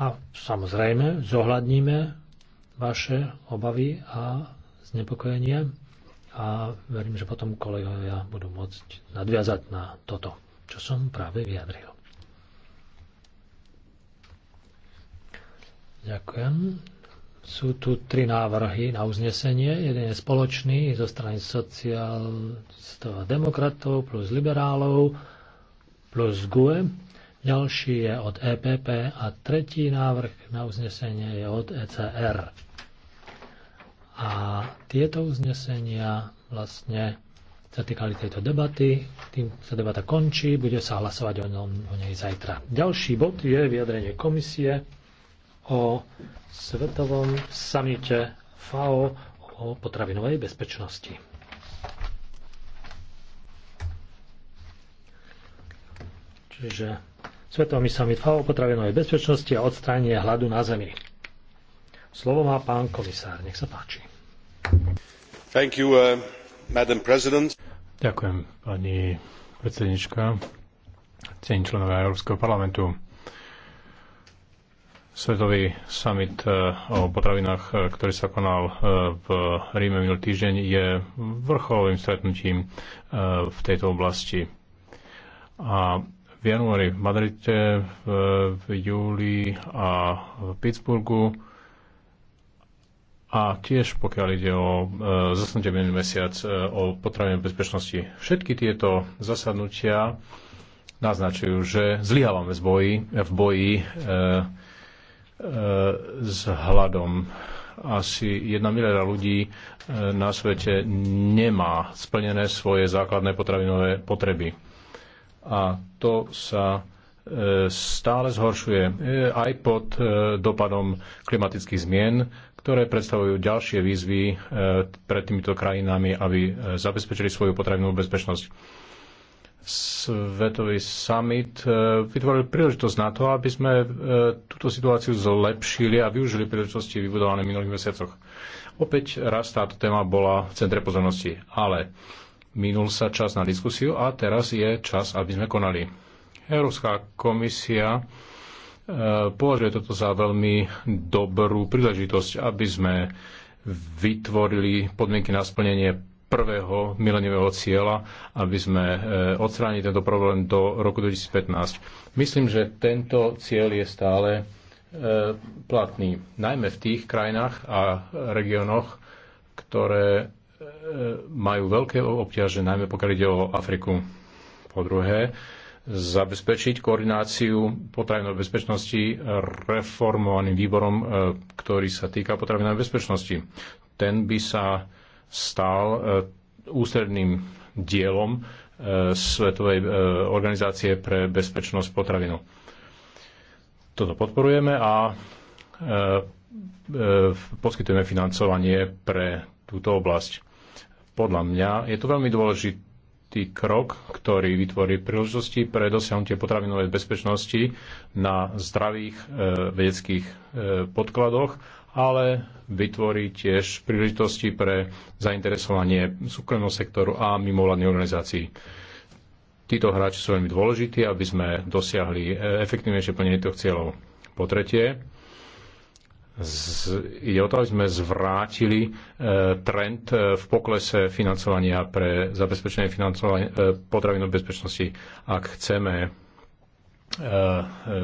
A samozrejme, zohľadníme vaše obavy a znepokojenie a verím, že potom kolegovia budú môcť nadviazať na toto, čo som práve vyjadril. Ďakujem. Sú tu tri návrhy na uznesenie. Jeden je spoločný zo strany sociálistov a demokratov plus liberálov plus GUE ďalší je od EPP a tretí návrh na uznesenie je od ECR. A tieto uznesenia vlastne sa týkali tejto debaty. Tým sa debata končí, bude sa hlasovať o, o nej zajtra. Ďalší bod je vyjadrenie komisie o svetovom samite FAO o potravinovej bezpečnosti. Čiže Svetovými samit FAO potravinovej bezpečnosti a odstránenie hladu na Zemi. Slovo má pán komisár, nech sa páči. Thank you, uh, Madam President. Ďakujem, pani predsednička, cení členovia Európskeho parlamentu. Svetový summit uh, o potravinách, uh, ktorý sa konal uh, v Ríme minulý týždeň, je vrcholovým stretnutím v tejto oblasti. A v januári v Madride, v júli a v Pittsburghu a tiež pokiaľ ide o e, zasnutie minulý mesiac e, o potravinej bezpečnosti. Všetky tieto zasadnutia naznačujú, že zlyhávame v boji, v boji e, e s hladom. Asi jedna miliarda ľudí e, na svete nemá splnené svoje základné potravinové potreby a to sa e, stále zhoršuje e, aj pod e, dopadom klimatických zmien, ktoré predstavujú ďalšie výzvy pred týmito krajinami, aby zabezpečili svoju potravinovú bezpečnosť. Svetový summit vytvoril príležitosť na to, aby sme túto situáciu zlepšili a využili príležitosti vybudované v minulých mesiacoch. Opäť raz táto téma bola v centre pozornosti, ale Minul sa čas na diskusiu a teraz je čas, aby sme konali. Európska komisia e, považuje toto za veľmi dobrú príležitosť, aby sme vytvorili podmienky na splnenie prvého mileniového cieľa, aby sme e, odstránili tento problém do roku 2015. Myslím, že tento cieľ je stále e, platný, najmä v tých krajinách a regiónoch, ktoré majú veľké obťaže, najmä pokiaľ ide o Afriku. Po druhé, zabezpečiť koordináciu potravinovej bezpečnosti reformovaným výborom, e, ktorý sa týka potravinovej bezpečnosti. Ten by sa stal e, ústredným dielom e, Svetovej organizácie pre bezpečnosť potravinu. Toto podporujeme a poskytujeme financovanie pre túto oblasť. Podľa mňa je to veľmi dôležitý krok, ktorý vytvorí príležitosti pre dosiahnutie potravinovej bezpečnosti na zdravých e, vedeckých e, podkladoch, ale vytvorí tiež príležitosti pre zainteresovanie súkromného sektoru a mimovládnej organizácií. Títo hráči sú veľmi dôležití, aby sme dosiahli e, efektívnejšie plnenie tých cieľov. Po tretie, z, je o to, aby sme zvrátili e, trend e, v poklese financovania pre zabezpečenie financovania e, potravinovej bezpečnosti. Ak chceme e, e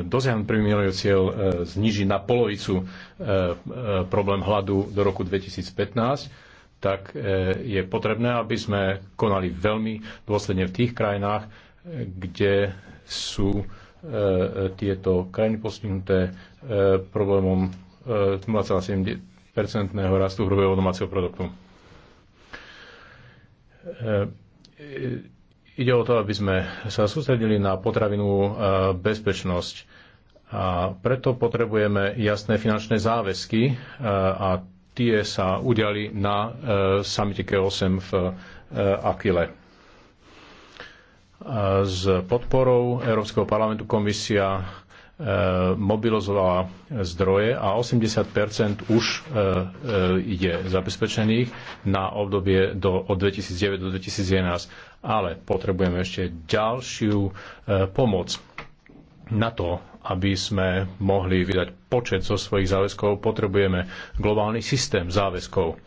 dosiahnuť milový cieľ e, znižiť na polovicu e, e, problém hladu do roku 2015, tak e, je potrebné, aby sme konali veľmi dôsledne v tých krajinách, e, kde sú e, e, tieto krajiny postihnuté problémom 0,7-percentného rastu hrubého domáceho produktu. E, ide o to, aby sme sa sústredili na potravinú e, bezpečnosť a preto potrebujeme jasné finančné záväzky e, a tie sa udiali na samite k 8 v Akile. S podporou Európskeho parlamentu komisia E, mobilizovala zdroje a 80 už je e, zabezpečených na obdobie do, od 2009 do 2011. Ale potrebujeme ešte ďalšiu e, pomoc na to, aby sme mohli vydať počet zo svojich záväzkov, potrebujeme globálny systém záväzkov.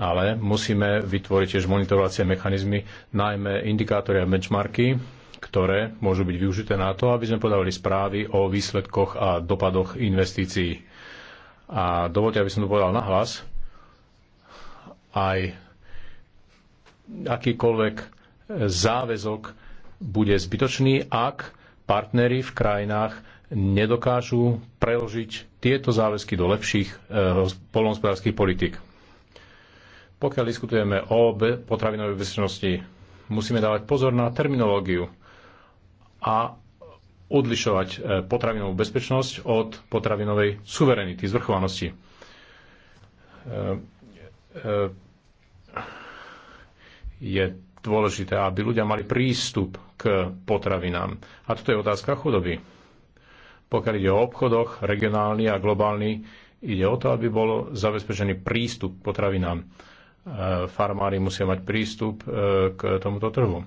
Ale musíme vytvoriť tiež monitorovacie mechanizmy, najmä indikátory a benchmarky, ktoré môžu byť využité na to, aby sme podávali správy o výsledkoch a dopadoch investícií. A dovolte, aby som to povedal nahlas, aj akýkoľvek záväzok bude zbytočný, ak partnery v krajinách nedokážu preložiť tieto záväzky do lepších e, polnohospodárských politik. Pokiaľ diskutujeme o potravinovej bezpečnosti, musíme dávať pozor na terminológiu a odlišovať e, potravinovú bezpečnosť od potravinovej suverenity, zvrchovanosti. E, e, je dôležité, aby ľudia mali prístup k potravinám. A toto je otázka chudoby. Pokiaľ ide o obchodoch, regionálny a globálny, ide o to, aby bol zabezpečený prístup k potravinám. Farmári musia mať prístup k tomuto trhu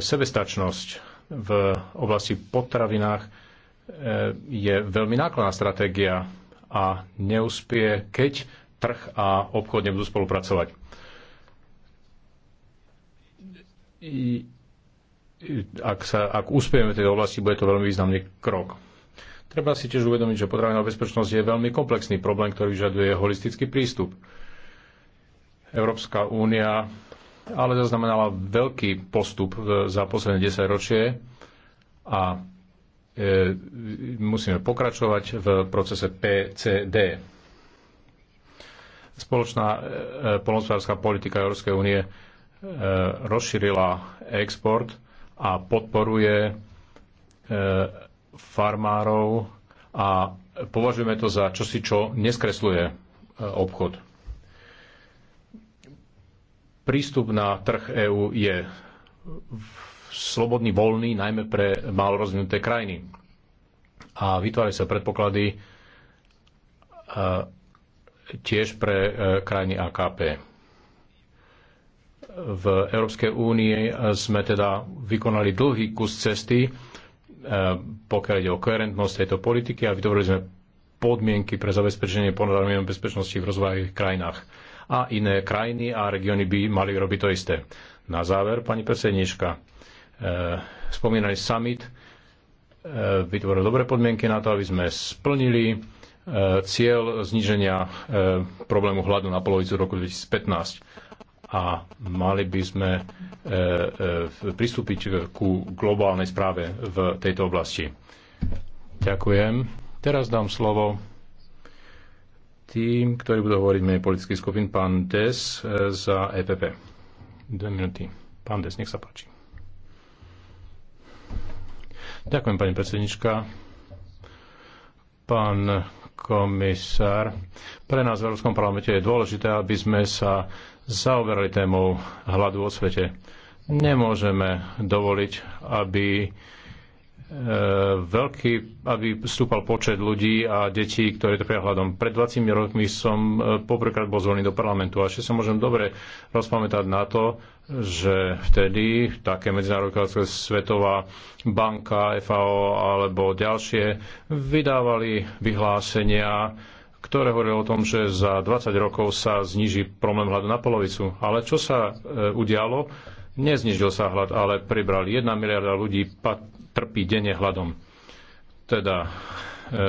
sebestačnosť v oblasti potravinách eh, je veľmi nákladná stratégia a neuspie, keď trh a obchod nebudú spolupracovať. ak, sa, ak uspieme v tejto oblasti, bude to veľmi významný krok. Treba si tiež uvedomiť, že potravinová bezpečnosť je veľmi komplexný problém, ktorý vyžaduje holistický prístup. Európska únia ale zaznamenala veľký postup e, za posledné 10 ročie a e, musíme pokračovať v procese PCD. Spoločná e, polnospodárska politika Európskej únie rozšírila export a podporuje farmárov a považujeme to za čosi, čo neskresluje obchod. Prístup na trh EÚ je slobodný, voľný, najmä pre málo rozvinuté krajiny. A vytvárajú sa predpoklady e, tiež pre e, krajiny AKP. V Európskej únii sme teda vykonali dlhý kus cesty, e, pokiaľ ide o koherentnosť tejto politiky a vytvorili sme podmienky pre zabezpečenie ponorárnej bezpečnosti v rozvojových krajinách a iné krajiny a regióny by mali robiť to isté. Na záver, pani predsednička, e, Spomínali summit e, vytvoril dobré podmienky na to, aby sme splnili e, cieľ zníženia problému hladu na polovicu roku 2015 a mali by sme pristúpiť ku globálnej správe v tejto oblasti. Ďakujem. Teraz dám slovo tým, ktorí budú hovoriť menej politických skupín, pán Des eh, za EPP. Dve minúty. Pán Des, nech sa páči. Ďakujem, pani predsednička. Pán komisár, pre nás v Európskom parlamente je dôležité, aby sme sa zaoberali témou hladu o svete. Nemôžeme dovoliť, aby E, veľký, aby vstúpal počet ľudí a detí, ktoré trpia hľadom. Pred 20 rokmi som e, poprvýkrát bol zvolený do parlamentu a ešte sa môžem dobre rozpamätať na to, že vtedy také medzinárodná svetová banka, FAO alebo ďalšie vydávali vyhlásenia, ktoré hovorili o tom, že za 20 rokov sa zniží problém hľadu na polovicu. Ale čo sa e, udialo? Neznižil sa hlad, ale pribrali 1 miliarda ľudí, trpí denne hladom. Teda e, e,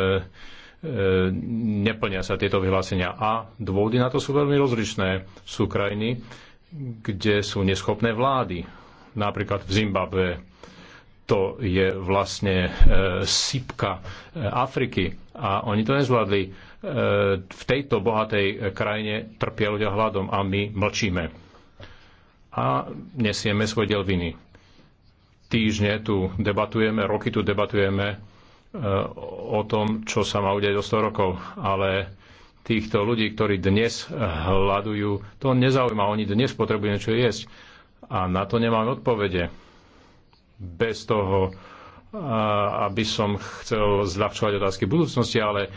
neplnia sa tieto vyhlásenia. A dôvody na to sú veľmi rozličné. Sú krajiny, kde sú neschopné vlády. Napríklad v Zimbabve to je vlastne e, sypka e, Afriky a oni to nezvládli. E, v tejto bohatej krajine trpia ľudia hladom a my mlčíme a nesieme svoj diel viny týždne tu debatujeme, roky tu debatujeme e, o tom, čo sa má udeť o 100 rokov, ale týchto ľudí, ktorí dnes hľadujú, to nezaujíma. Oni dnes potrebujú niečo jesť. A na to nemáme odpovede. Bez toho, e, aby som chcel zľahčovať otázky budúcnosti, ale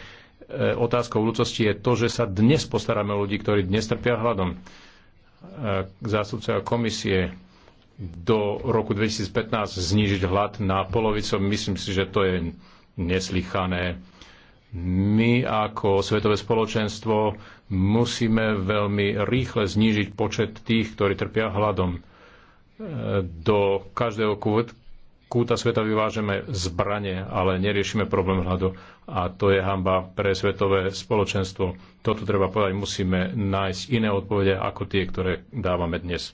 e, otázkou budúcnosti je to, že sa dnes postaráme o ľudí, ktorí dnes trpia hľadom. Zástupca komisie do roku 2015 znížiť hlad na polovicu. Myslím si, že to je neslychané. My ako svetové spoločenstvo musíme veľmi rýchle znížiť počet tých, ktorí trpia hladom. Do každého kúta sveta vyvážeme zbranie, ale neriešime problém hladu. A to je hamba pre svetové spoločenstvo. Toto treba povedať, musíme nájsť iné odpovede ako tie, ktoré dávame dnes.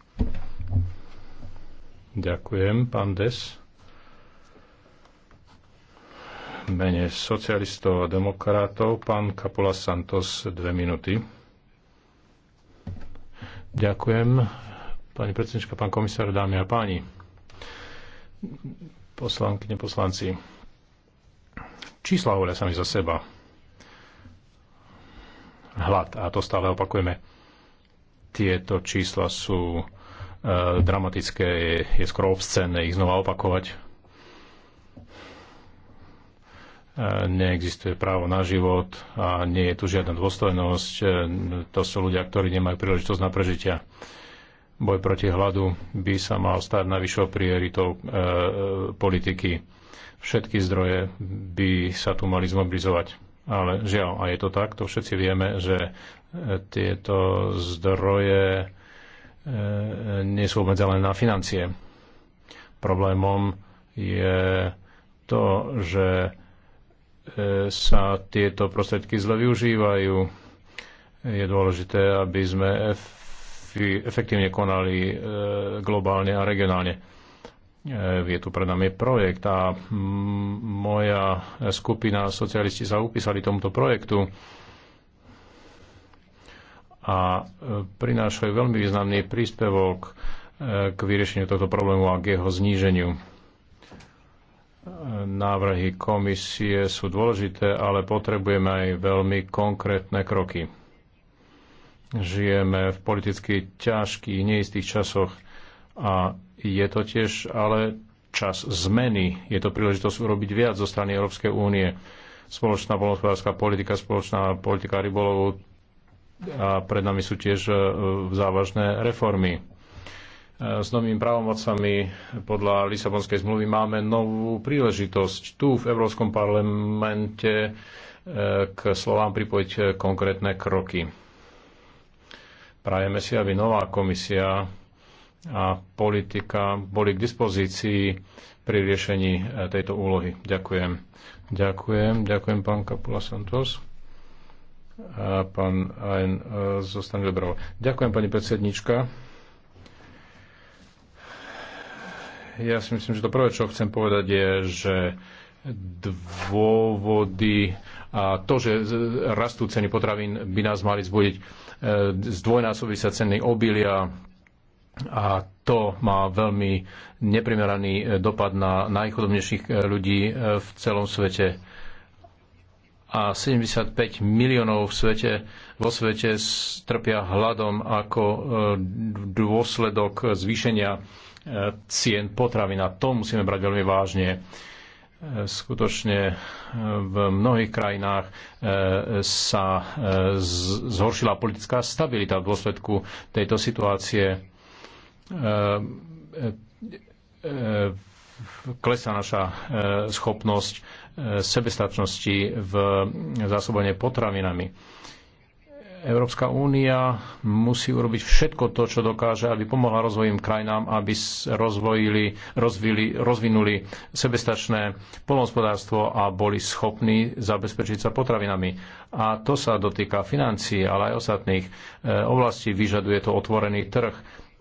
Ďakujem, pán Des. Mene socialistov a demokratov, pán Kapula Santos, dve minúty. Ďakujem, pani predsednička, pán komisár, dámy a páni, poslankyne, poslanci. Čísla hovoria sami za seba. Hlad, a to stále opakujeme. Tieto čísla sú Eh, dramatické, je, je skoro obscénne ich znova opakovať. Eh, neexistuje právo na život a nie je tu žiadna dôstojnosť. Eh, to sú ľudia, ktorí nemajú príležitosť na prežitia. Boj proti hladu by sa mal stať najvyššou prioritou e, politiky. Všetky zdroje by sa tu mali zmobilizovať. Ale žiaľ, a je to tak, to všetci vieme, že tieto zdroje E, nie sú obmedzené na financie. Problémom je to, že e, sa tieto prostriedky zle využívajú. Je dôležité, aby sme efektívne konali e, globálne a regionálne je tu pred nami projekt a moja skupina socialisti sa upísali tomuto projektu a e, prinášajú veľmi významný príspevok e, k vyriešeniu tohto problému a k jeho zníženiu. E, návrhy komisie sú dôležité, ale potrebujeme aj veľmi konkrétne kroky. Žijeme v politicky ťažkých, neistých časoch a je to tiež ale čas zmeny. Je to príležitosť urobiť viac zo strany Európskej únie. Spoločná polnospodárska politika, spoločná politika rybolovu, a pred nami sú tiež e, závažné reformy. E, s novými právomocami podľa Lisabonskej zmluvy máme novú príležitosť tu v Európskom parlamente e, k slovám pripojiť konkrétne kroky. Prajeme si, aby nová komisia a politika boli k dispozícii pri riešení tejto úlohy. Ďakujem. Ďakujem, ďakujem pán Kapula Santos a pán Ajen e, zostane dobrovo. Ďakujem, pani predsednička. Ja si myslím, že to prvé, čo chcem povedať, je, že dôvody a to, že rastú ceny potravín, by nás mali zbudiť. E, Zdvojnásobí sa ceny obilia a to má veľmi neprimeraný dopad na najchudobnejších e, ľudí v celom svete a 75 miliónov v svete, vo svete trpia hladom ako e, dôsledok zvýšenia e, cien potravín. A to musíme brať veľmi vážne. E, skutočne v mnohých krajinách sa zhoršila politická stabilita v dôsledku tejto situácie. Klesá naša schopnosť sebestačnosti v zásobovaní potravinami. Európska únia musí urobiť všetko to, čo dokáže, aby pomohla rozvojím krajinám, aby rozvojili, rozvili, rozvinuli sebestačné polnohospodárstvo a boli schopní zabezpečiť sa potravinami. A to sa dotýka financií, ale aj ostatných e, oblastí. Vyžaduje to otvorený trh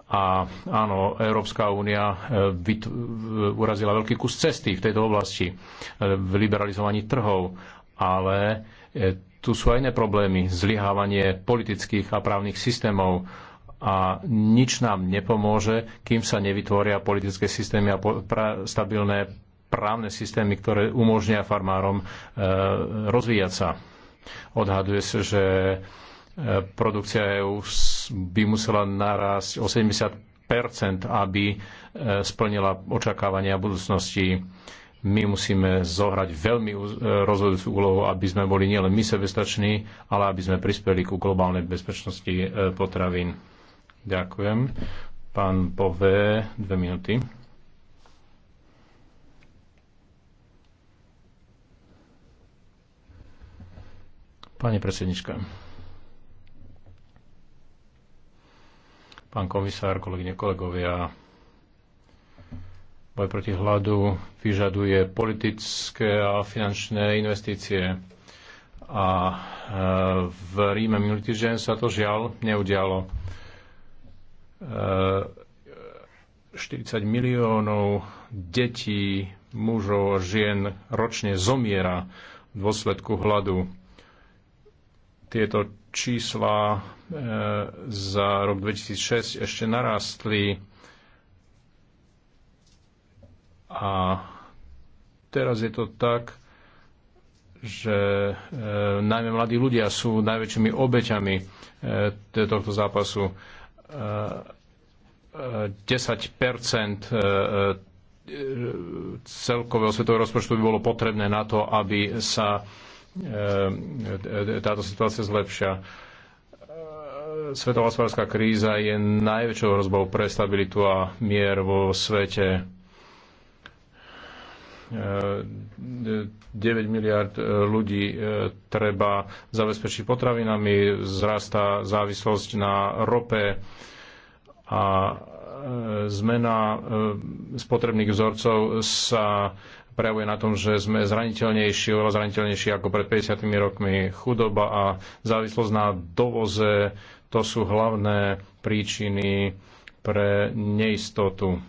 a áno, Európska únia e, urazila veľký kus cesty v tejto oblasti e, v liberalizovaní trhov, ale e, tu sú aj iné problémy, zlyhávanie politických a právnych systémov a nič nám nepomôže, kým sa nevytvoria politické systémy a stabilné právne systémy, ktoré umožnia farmárom rozvíjať sa. Odhaduje sa, že produkcia EÚ by musela narásť o 70 aby e, splnila očakávania budúcnosti. My musíme zohrať veľmi rozhodujúcu úlohu, aby sme boli nielen my sebestační, ale aby sme prispeli ku globálnej bezpečnosti e, potravín. Ďakujem. Pán Bové, dve minúty. Pani predsednička. pán komisár, kolegyne, kolegovia. Boj proti hladu vyžaduje politické a finančné investície. A e, v Ríme minulý týždeň sa to žiaľ neudialo. 40 e, miliónov detí, mužov a žien ročne zomiera v dôsledku hladu. Tieto čísla za rok 2006 ešte narastli a teraz je to tak, že e, najmä mladí ľudia sú najväčšími obeťami e, tohto zápasu. E, 10 e, e, e, celkového svetového rozpočtu by bolo potrebné na to, aby sa táto situácia zlepšia svetová hospodárska kríza je najväčšou hrozbou pre stabilitu a mier vo svete. 9 eh, miliard eh, ľudí eh, treba zabezpečiť potravinami, zrastá závislosť na rope a zmena spotrebných vzorcov sa prejavuje na tom, že sme zraniteľnejší, oveľa zraniteľnejší ako pred 50 rokmi. Chudoba a závislosť na dovoze to sú hlavné príčiny pre neistotu.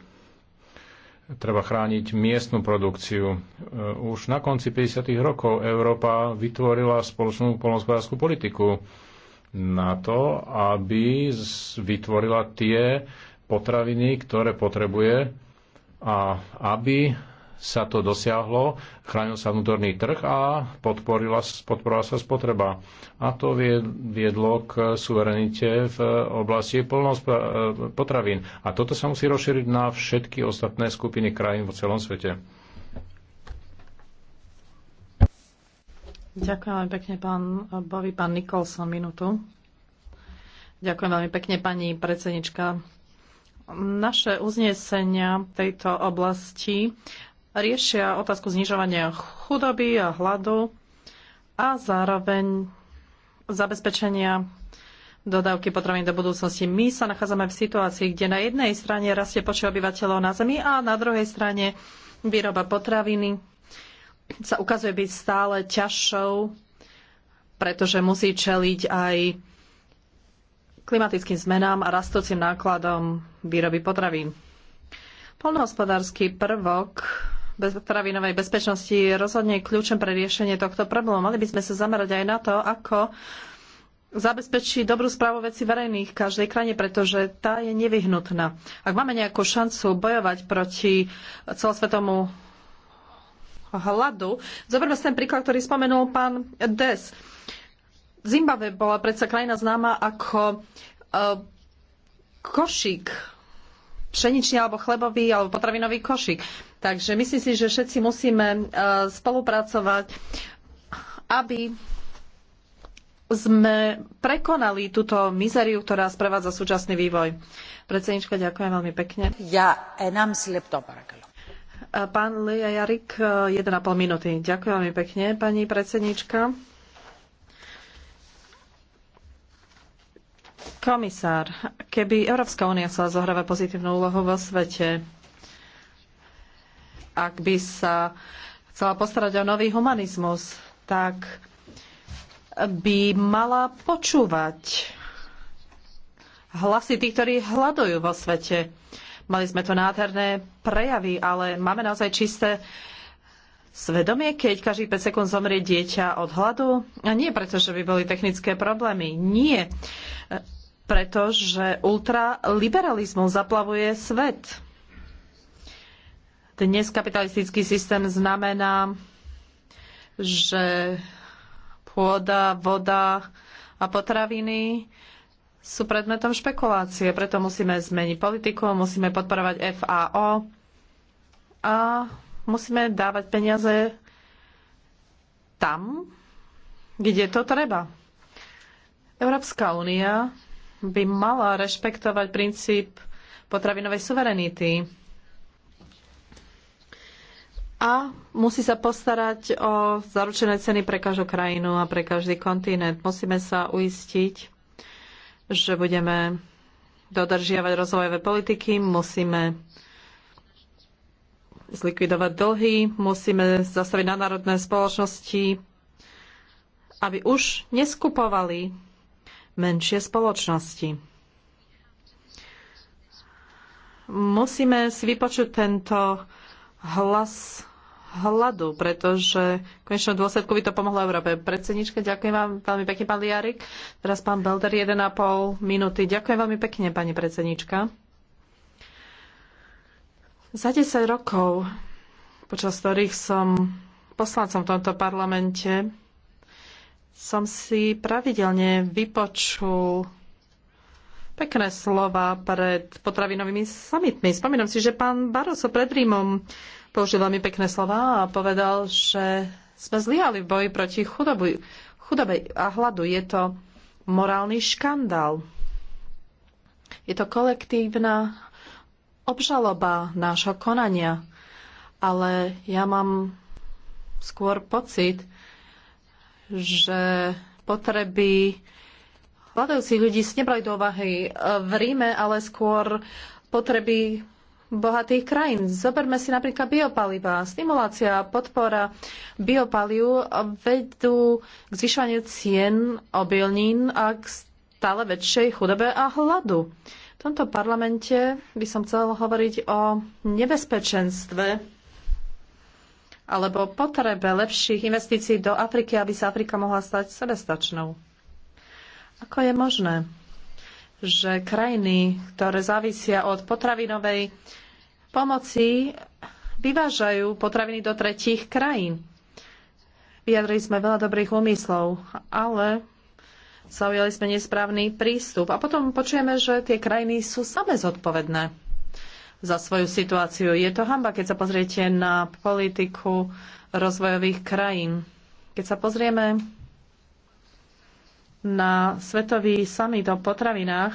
Treba chrániť miestnu produkciu. E, už na konci 50. rokov Európa vytvorila spoločnú polnospodárskú politiku na to, aby vytvorila tie potraviny, ktoré potrebuje a aby sa to dosiahlo, chránil sa vnútorný trh a podporila, podporila sa spotreba. A to viedlo k suverenite v oblasti e, potravín. A toto sa musí rozšíriť na všetky ostatné skupiny krajín vo celom svete. Ďakujem veľmi pekne, pán Bovi, pán Nikolson, minútu. Ďakujem veľmi pekne, pani predsednička. Naše uznesenia v tejto oblasti riešia otázku znižovania chudoby a hladu a zároveň zabezpečenia dodávky potravín do budúcnosti. My sa nachádzame v situácii, kde na jednej strane rastie počet obyvateľov na Zemi a na druhej strane výroba potraviny sa ukazuje byť stále ťažšou, pretože musí čeliť aj klimatickým zmenám a rastúcim nákladom výroby potravín. Polnohospodársky prvok potravinovej bezpečnosti je rozhodne kľúčom pre riešenie tohto problému. Mali by sme sa zamerať aj na to, ako zabezpečí dobrú správu veci verejných v každej krajine, pretože tá je nevyhnutná. Ak máme nejakú šancu bojovať proti celosvetomu hladu, zoberme si ten príklad, ktorý spomenul pán Des. Zimbabwe bola predsa krajina známa ako e, košík pšeničný alebo chlebový alebo potravinový košík. Takže myslím si, že všetci musíme e, spolupracovať, aby sme prekonali túto mizeriu, ktorá sprevádza súčasný vývoj. Predsednička, ďakujem veľmi pekne. Ja enam slepto, e, Pán Leja Jarik, 1,5 e, minúty. Ďakujem veľmi pekne, pani predsednička. Komisár, keby Európska únia chcela zohrávať pozitívnu úlohu vo svete, ak by sa chcela postarať o nový humanizmus, tak by mala počúvať hlasy tých, ktorí hľadujú vo svete. Mali sme tu nádherné prejavy, ale máme naozaj čisté svedomie, keď každý 5 sekúnd zomrie dieťa od hladu. A nie preto, že by boli technické problémy. Nie. Pretože ultraliberalizmus zaplavuje svet. Dnes kapitalistický systém znamená, že pôda, voda a potraviny sú predmetom špekulácie. Preto musíme zmeniť politiku, musíme podporovať FAO a musíme dávať peniaze tam, kde to treba. Európska únia by mala rešpektovať princíp potravinovej suverenity a musí sa postarať o zaručené ceny pre každú krajinu a pre každý kontinent. Musíme sa uistiť, že budeme dodržiavať rozvojové politiky, musíme zlikvidovať dlhy, musíme zastaviť na národné spoločnosti, aby už neskupovali menšie spoločnosti. Musíme si vypočuť tento hlas hladu, pretože v konečnom dôsledku by to pomohlo Európe. Predsednička, ďakujem vám veľmi pekne, pán Liarik. Teraz pán Belder, 1,5 minúty. Ďakujem veľmi pekne, pani predsednička. Za 10 rokov, počas ktorých som poslancom v tomto parlamente, som si pravidelne vypočul pekné slova pred potravinovými samitmi. Spomínam si, že pán Baroso pred Rímom použil veľmi pekné slova a povedal, že sme zlyhali v boji proti chudobu, chudobe a hladu. Je to morálny škandál. Je to kolektívna obžaloba nášho konania. Ale ja mám skôr pocit, že potreby hľadajúcich ľudí nebrali do ovahy e, v Ríme, ale skôr potreby bohatých krajín. Zoberme si napríklad biopaliva. Stimulácia a podpora biopaliu vedú k zvyšovaniu cien obilnín a k stále väčšej chudobe a hladu. V tomto parlamente by som chcel hovoriť o nebezpečenstve alebo potrebe lepších investícií do Afriky, aby sa Afrika mohla stať sebestačnou. Ako je možné, že krajiny, ktoré závisia od potravinovej pomoci, vyvážajú potraviny do tretích krajín? Vyjadrili sme veľa dobrých úmyslov, ale zaujali sme nesprávny prístup. A potom počujeme, že tie krajiny sú same zodpovedné za svoju situáciu. Je to hamba, keď sa pozriete na politiku rozvojových krajín. Keď sa pozrieme na svetový summit o potravinách,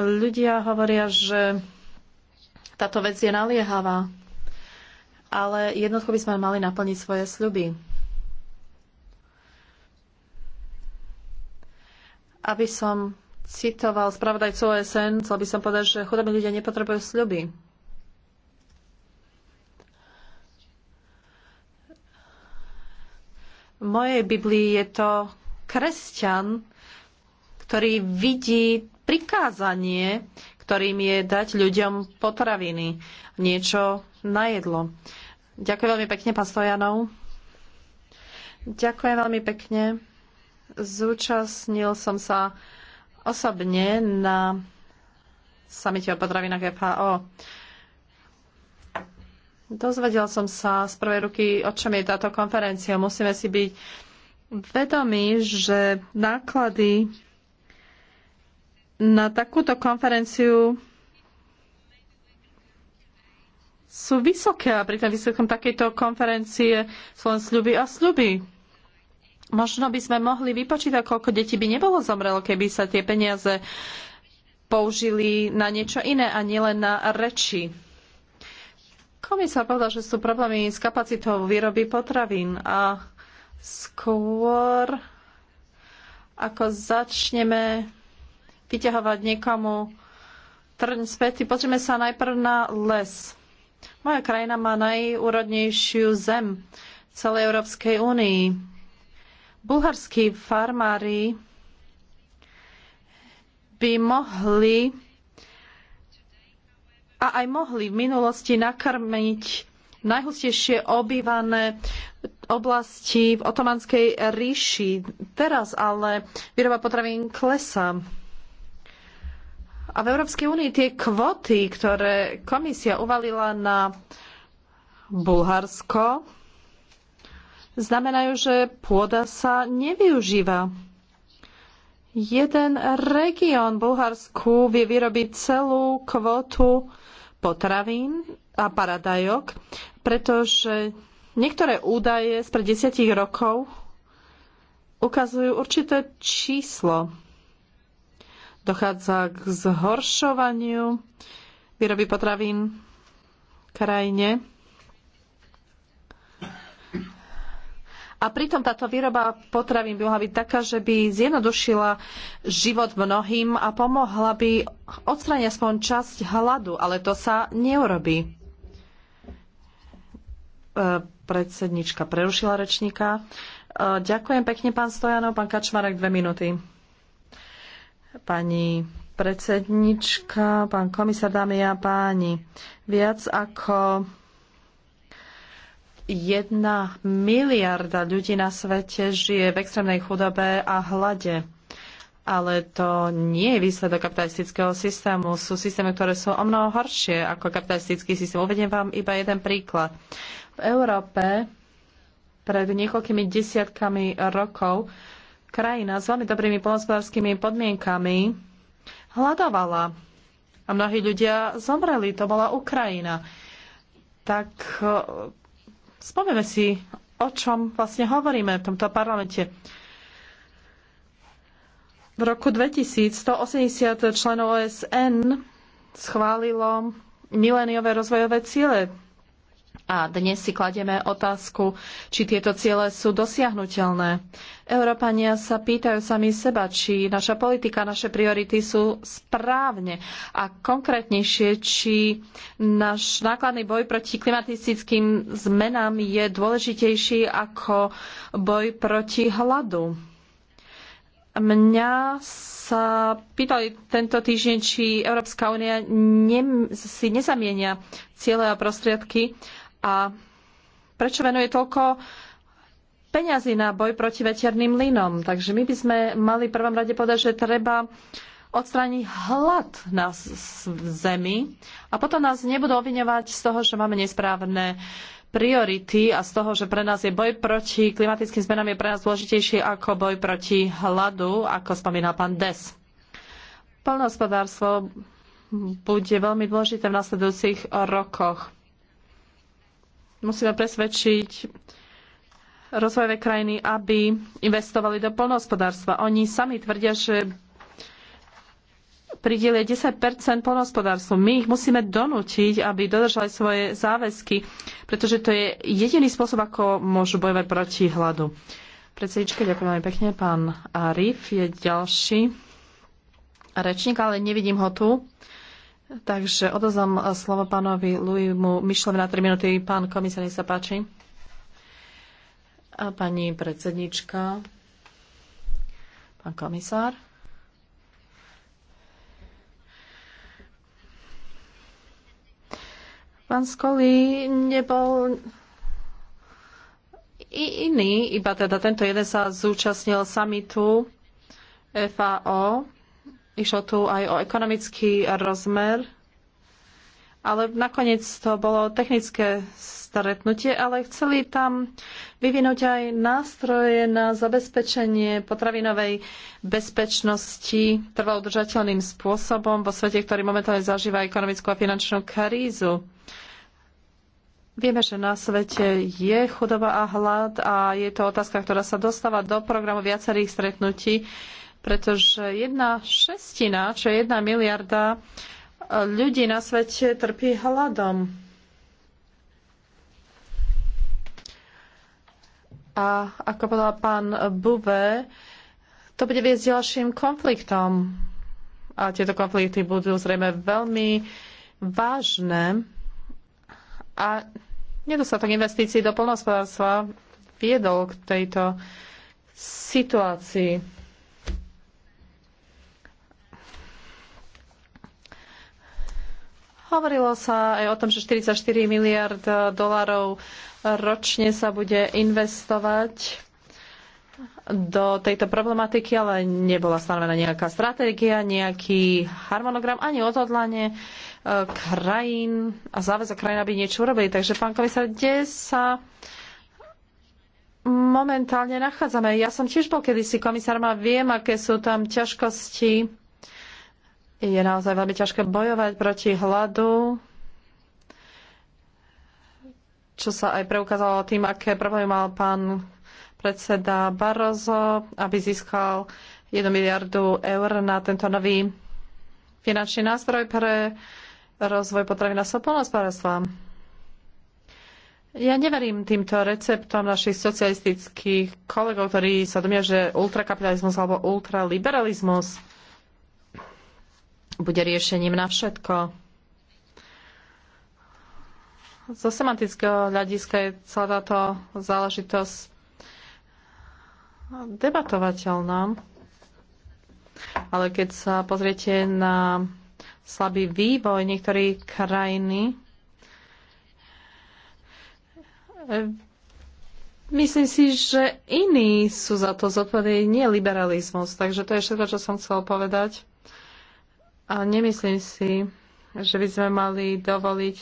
ľudia hovoria, že táto vec je naliehavá, ale jednoducho by sme mali naplniť svoje sľuby. Aby som citoval spravodajcu OSN, chcel by som povedať, že chudobní ľudia nepotrebujú sľuby. V mojej Biblii je to kresťan, ktorý vidí prikázanie, ktorým je dať ľuďom potraviny, niečo na jedlo. Ďakujem veľmi pekne, pán Stojanov. Ďakujem veľmi pekne. Zúčastnil som sa osobne na samite o potravinách FHO. Dozvedel som sa z prvej ruky, o čom je táto konferencia. Musíme si byť vedomí, že náklady na takúto konferenciu sú vysoké a pri tom vysokom takejto konferencie sú len sľuby a sľuby. Možno by sme mohli vypočítať, koľko detí by nebolo zomrelo, keby sa tie peniaze použili na niečo iné a nielen na reči. Komisár povedal, že sú problémy s kapacitou výroby potravín a skôr ako začneme vyťahovať niekomu trň späť, pozrieme sa najprv na les. Moja krajina má najúrodnejšiu zem v celej Európskej únii. Bulharskí farmári by mohli a aj mohli v minulosti nakrmiť najhustejšie obývané oblasti v otomanskej ríši. Teraz ale výroba potravín klesá. A v Európskej únii tie kvóty, ktoré komisia uvalila na Bulharsko, znamenajú, že pôda sa nevyužíva. Jeden región Bulharsku vie vyrobiť celú kvotu potravín a paradajok, pretože Niektoré údaje z pred desiatich rokov ukazujú určité číslo. Dochádza k zhoršovaniu výroby potravín v krajine. A pritom táto výroba potravín by mohla byť taká, že by zjednodušila život mnohým a pomohla by odstrániť aspoň časť hladu, ale to sa neurobí. E, predsednička prerušila rečníka. E, ďakujem pekne, pán Stojanov. Pán Kačmarek, dve minúty. Pani predsednička, pán komisár, dámy a páni. Viac ako jedna miliarda ľudí na svete žije v extrémnej chudobe a hlade. Ale to nie je výsledok kapitalistického systému. Sú systémy, ktoré sú o mnoho horšie ako kapitalistický systém. Uvediem vám iba jeden príklad. Európe pred niekoľkými desiatkami rokov krajina s veľmi dobrými polnospodárskymi podmienkami hľadovala a mnohí ľudia zomreli. To bola Ukrajina. Tak e, spomeme si, o čom vlastne hovoríme v tomto parlamente. V roku 2000 180 členov OSN schválilo mileniové rozvojové ciele a dnes si kladieme otázku, či tieto ciele sú dosiahnutelné. Európania sa pýtajú sami seba, či naša politika, naše priority sú správne a konkrétnejšie, či náš nákladný boj proti klimatickým zmenám je dôležitejší ako boj proti hladu. Mňa sa pýtali tento týždeň, či Európska únia si nezamienia ciele a prostriedky a prečo venuje toľko peňazí na boj proti veterným mlynom? Takže my by sme mali v prvom rade povedať, že treba odstráni hlad na zemi a potom nás nebudú obviňovať z toho, že máme nesprávne priority a z toho, že pre nás je boj proti klimatickým zmenám je pre nás dôležitejší ako boj proti hladu, ako spomínal pán Des. Polnohospodárstvo bude veľmi dôležité v nasledujúcich rokoch. Musíme presvedčiť rozvojové krajiny, aby investovali do polnohospodárstva. Oni sami tvrdia, že pridelia 10 polnohospodárstvu. My ich musíme donútiť, aby dodržali svoje záväzky, pretože to je jediný spôsob, ako môžu bojovať proti hladu. Predsednička, ďakujem veľmi pekne. Pán Arif je ďalší rečník, ale nevidím ho tu. Takže odozom slovo pánovi Luimu Myšľovi na 3 minúty. Pán komisár, nech sa páči. A pani predsednička, pán komisár. Pán Skoli nebol i iný, iba teda tento jeden sa zúčastnil samitu FAO Išlo tu aj o ekonomický rozmer, ale nakoniec to bolo technické stretnutie, ale chceli tam vyvinúť aj nástroje na zabezpečenie potravinovej bezpečnosti trvalodržateľným spôsobom vo svete, ktorý momentálne zažíva ekonomickú a finančnú krízu. Vieme, že na svete je chudoba a hlad a je to otázka, ktorá sa dostáva do programu viacerých stretnutí pretože jedna šestina, čo je jedna miliarda e, ľudí na svete trpí hladom. A ako povedal pán Buve, to bude viesť ďalším konfliktom. A tieto konflikty budú zrejme veľmi vážne. A nedostatok investícií do polnohospodárstva viedol k tejto situácii. Hovorilo sa aj o tom, že 44 miliard dolarov ročne sa bude investovať do tejto problematiky, ale nebola stanovená nejaká stratégia, nejaký harmonogram, ani odhodlanie e, krajín a záväzok krajín, aby niečo urobili. Takže, pán komisár, kde sa momentálne nachádzame? Ja som tiež bol kedysi komisárom a viem, aké sú tam ťažkosti je naozaj veľmi ťažké bojovať proti hladu, čo sa aj preukázalo tým, aké problémy mal pán predseda Barroso, aby získal 1 miliardu eur na tento nový finančný nástroj pre rozvoj potravy na sopolnospárstva. Ja neverím týmto receptom našich socialistických kolegov, ktorí sa domia, že ultrakapitalizmus alebo ultraliberalizmus bude riešením na všetko. Zo semantického hľadiska je celá táto záležitosť debatovateľná, ale keď sa pozriete na slabý vývoj niektorých krajiny, Myslím si, že iní sú za to zodpovední, nie liberalizmus. Takže to je všetko, čo som chcel povedať. A nemyslím si, že by sme mali dovoliť,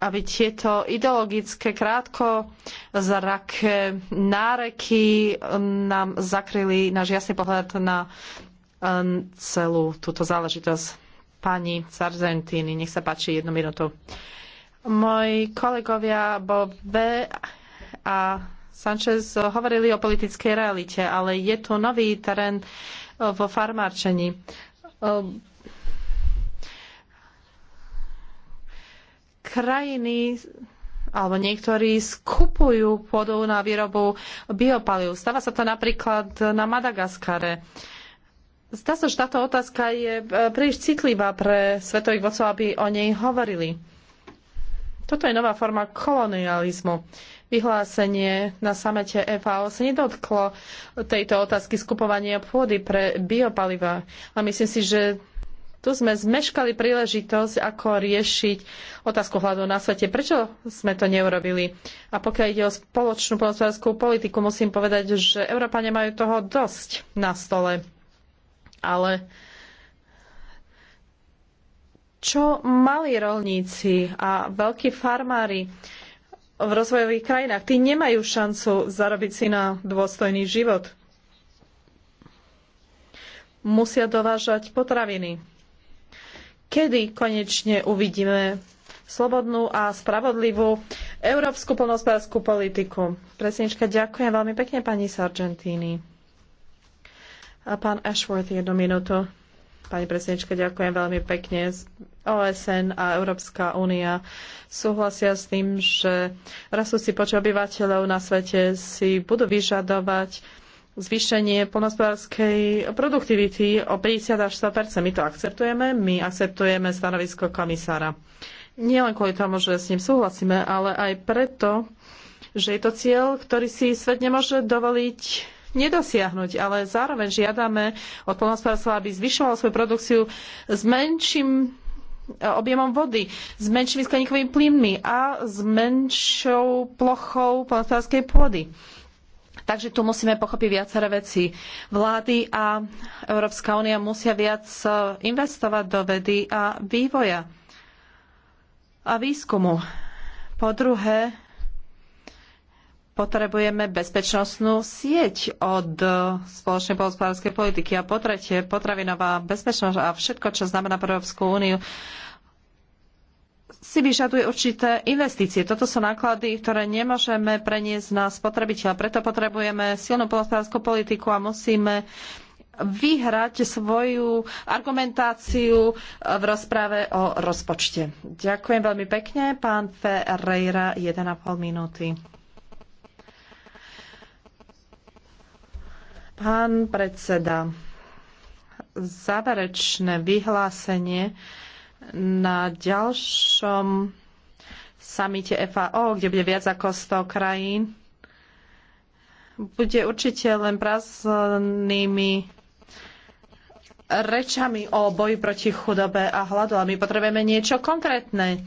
aby tieto ideologické krátko zrake náreky um, nám zakryli náš jasný pohľad na um, celú túto záležitosť. Pani Sargentini, nech sa páči jednu minútu. Moji kolegovia Bobe a Sanchez hovorili o politickej realite, ale je tu nový terén vo farmárčení. Krajiny alebo niektorí skupujú pôdu na výrobu biopalív. Stáva sa to napríklad na Madagaskare. Zdá sa, že táto otázka je e, príliš citlivá pre svetových vodcov, aby o nej hovorili. Toto je nová forma kolonializmu vyhlásenie na samete FAO e sa nedotklo tejto otázky skupovania pôdy pre biopaliva. A myslím si, že tu sme zmeškali príležitosť, ako riešiť otázku hladu na svete. Prečo sme to neurobili? A pokiaľ ide o spoločnú polospodárskú politiku, musím povedať, že Európania majú toho dosť na stole. Ale čo mali rolníci a veľkí farmári? v rozvojových krajinách. Tí nemajú šancu zarobiť si na dôstojný život. Musia dovážať potraviny. Kedy konečne uvidíme slobodnú a spravodlivú európsku plnospárskú politiku? Presnička, ďakujem veľmi pekne pani Sargentini. A pán Ashworth, jednu minútu. Pani predsednička, ďakujem veľmi pekne. OSN a Európska únia súhlasia s tým, že rastúci počet obyvateľov na svete si budú vyžadovať zvýšenie polnospodárskej produktivity o 50 až 100 My to akceptujeme, my akceptujeme stanovisko komisára. Nielen kvôli tomu, že s ním súhlasíme, ale aj preto, že je to cieľ, ktorý si svet nemôže dovoliť nedosiahnuť, ale zároveň žiadame od polnohospodárstva, aby zvyšovalo svoju produkciu s menším e, objemom vody, s menšími skleníkovými plynmi a s menšou plochou polnohospodárskej pôdy. Takže tu musíme pochopiť viaceré veci. Vlády a Európska únia musia viac e, investovať do vedy a vývoja a výskumu. Po druhé, potrebujeme bezpečnostnú sieť od spoločnej pohospodárskej politiky a po tretie potravinová bezpečnosť a všetko, čo znamená pre Európsku úniu si vyžaduje určité investície. Toto sú náklady, ktoré nemôžeme preniesť na spotrebiteľa. Preto potrebujeme silnú pohospodárskú politiku a musíme vyhrať svoju argumentáciu v rozprave o rozpočte. Ďakujem veľmi pekne. Pán Ferreira, 1,5 minúty. Pán predseda, záverečné vyhlásenie na ďalšom samite FAO, kde bude viac ako 100 krajín, bude určite len prázdnymi rečami o boji proti chudobe a hladu, a my potrebujeme niečo konkrétne.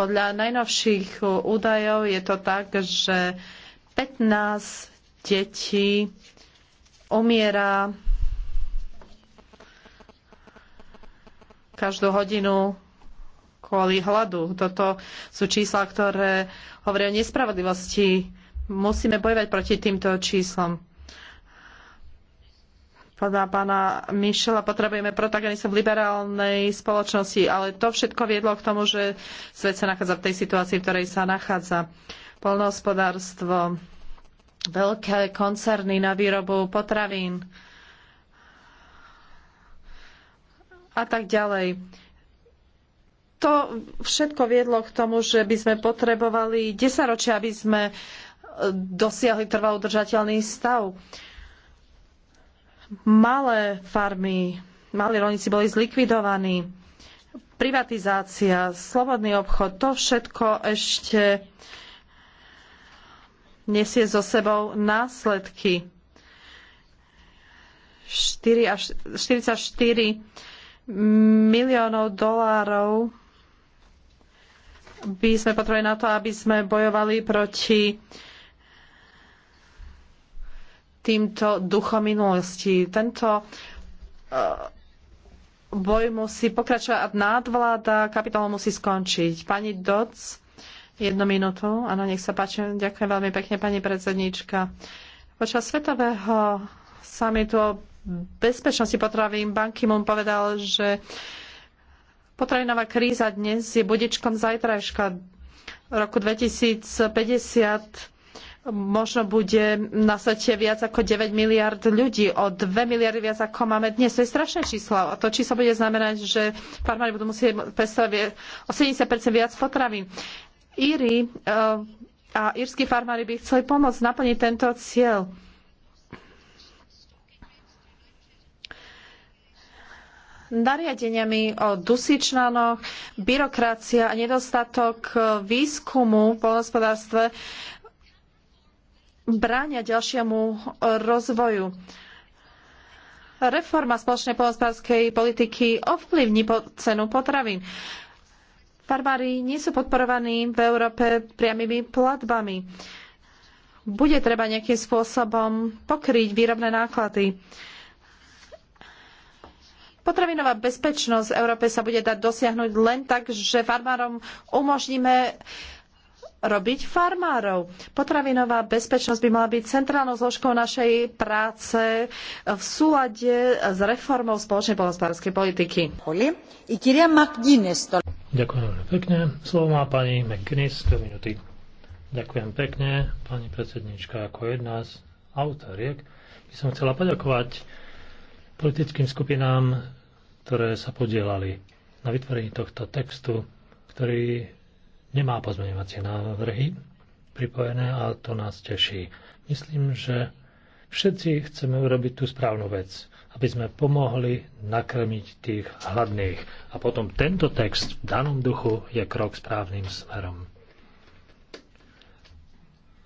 Podľa najnovších údajov je to tak, že 15 detí umiera každú hodinu kvôli hladu. Toto sú čísla, ktoré hovoria o nespravodlivosti. Musíme bojovať proti týmto číslom. Podľa pána Mišela potrebujeme v liberálnej spoločnosti, ale to všetko viedlo k tomu, že svet sa nachádza v tej situácii, v ktorej sa nachádza. Polnohospodárstvo, veľké koncerny na výrobu potravín a tak ďalej. To všetko viedlo k tomu, že by sme potrebovali 10 ročia, aby sme e, dosiahli trvalo udržateľný stav. Malé farmy, malí rolníci boli zlikvidovaní. Privatizácia, slobodný obchod, to všetko ešte uh, nesie so sebou následky. 4 až 44 miliónov dolárov by sme potrebovali na to, aby sme bojovali proti týmto duchom minulosti. Tento eh, boj musí pokračovať a nadvláda kapitálu musí skončiť. Pani Doc Jednu minútu. Áno, nech sa páči. Ďakujem veľmi pekne, pani predsednička. Počas svetového samitu o bezpečnosti potravín banky mu povedal, že potravinová kríza dnes je budičkom zajtrajška. V roku 2050 možno bude na svete viac ako 9 miliard ľudí, o 2 miliardy viac ako máme dnes. To je strašné číslo. A to číslo bude znamenať, že farmári budú musieť pestovať o 70% viac potravín. Íry eh, a írsky farmári by chceli pomôcť naplniť tento cieľ. nariadeniami o dusičnanoch, byrokracia a nedostatok eh, výskumu v poľnohospodárstve bránia ďalšiemu eh, rozvoju. Reforma spoločnej poľnohospodárskej politiky ovplyvní cenu potravín. Farmári nie sú podporovaní v Európe priamými platbami. Bude treba nejakým spôsobom pokryť výrobné náklady. Potravinová bezpečnosť v Európe sa bude dať dosiahnuť len tak, že farmárom umožníme robiť farmárov. Potravinová bezpečnosť by mala byť centrálnou zložkou našej práce v súlade s reformou spoločnej polospárskej politiky. Ďakujem veľmi pekne. Slovo má pani McGinnis, 2 minúty. Ďakujem pekne, pani predsednička, ako jedna z autoriek. By som chcela poďakovať politickým skupinám, ktoré sa podielali na vytvorení tohto textu, ktorý nemá pozmeňovacie návrhy pripojené a to nás teší. Myslím, že Všetci chceme urobiť tú správnu vec, aby sme pomohli nakrmiť tých hladných. A potom tento text v danom duchu je krok správnym smerom.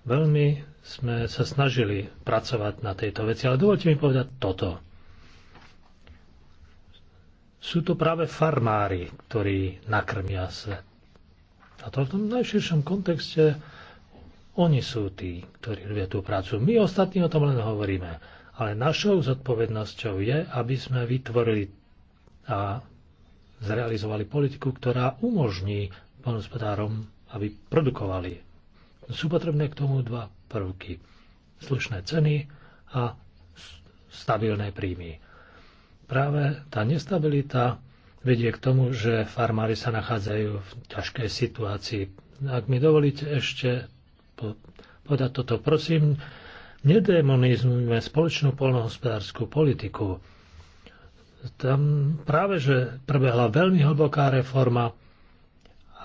Veľmi sme sa snažili pracovať na tejto veci, ale dovolte mi povedať toto. Sú to práve farmári, ktorí nakrmia svet. A to v tom najširšom kontexte oni sú tí, ktorí robia tú prácu. My ostatní o tom len hovoríme. Ale našou zodpovednosťou je, aby sme vytvorili a zrealizovali politiku, ktorá umožní poľnospodárom, aby produkovali. Sú potrebné k tomu dva prvky. Slušné ceny a stabilné príjmy. Práve tá nestabilita vedie k tomu, že farmári sa nachádzajú v ťažkej situácii. Ak mi dovolíte ešte povedať toto. Prosím, nedemonizujme spoločnú polnohospodárskú politiku. Tam práve, že prebehla veľmi hlboká reforma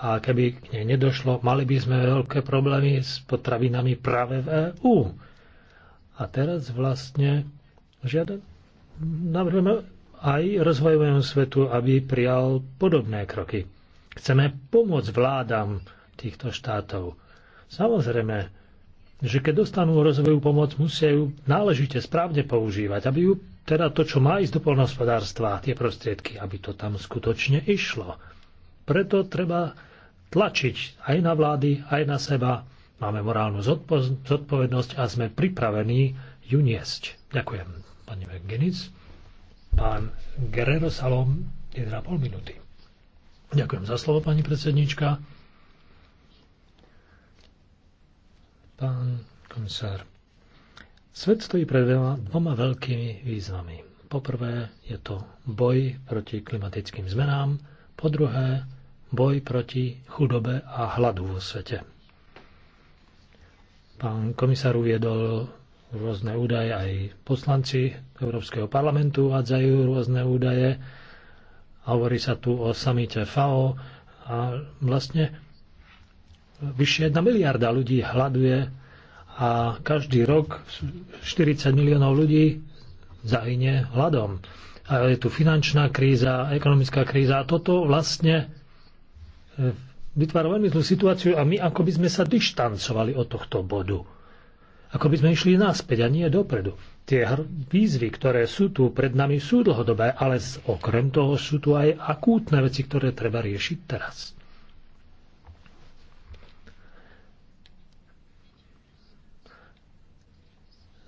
a keby k nej nedošlo, mali by sme veľké problémy s potravinami práve v EÚ. A teraz vlastne žiaden navrhujeme aj rozvojovému svetu, aby prijal podobné kroky. Chceme pomôcť vládam týchto štátov. Samozrejme, že keď dostanú rozvojovú pomoc, musia ju náležite správne používať, aby ju teda to, čo má ísť do polnohospodárstva, tie prostriedky, aby to tam skutočne išlo. Preto treba tlačiť aj na vlády, aj na seba. Máme morálnu zodpo- zodpovednosť a sme pripravení ju niesť. Ďakujem, pani McGinnis. Pán Guerrero Salom, 1,5 minúty. Ďakujem za slovo, pani predsednička. Pán komisár, svet stojí pred dvoma veľkými výzvami. Poprvé je to boj proti klimatickým zmenám, po druhé boj proti chudobe a hladu vo svete. Pán komisár uviedol rôzne údaje, aj poslanci Európskeho parlamentu uvádzajú rôzne údaje. Hovorí sa tu o samite FAO a vlastne vyššie 1 miliarda ľudí hľaduje a každý rok 40 miliónov ľudí zahynie hladom. A je tu finančná kríza, ekonomická kríza a toto vlastne e, vytvára veľmi zlú situáciu a my ako by sme sa dištancovali od tohto bodu. Ako by sme išli naspäť a nie dopredu. Tie výzvy, ktoré sú tu pred nami, sú dlhodobé, ale okrem toho sú tu aj akútne veci, ktoré treba riešiť teraz.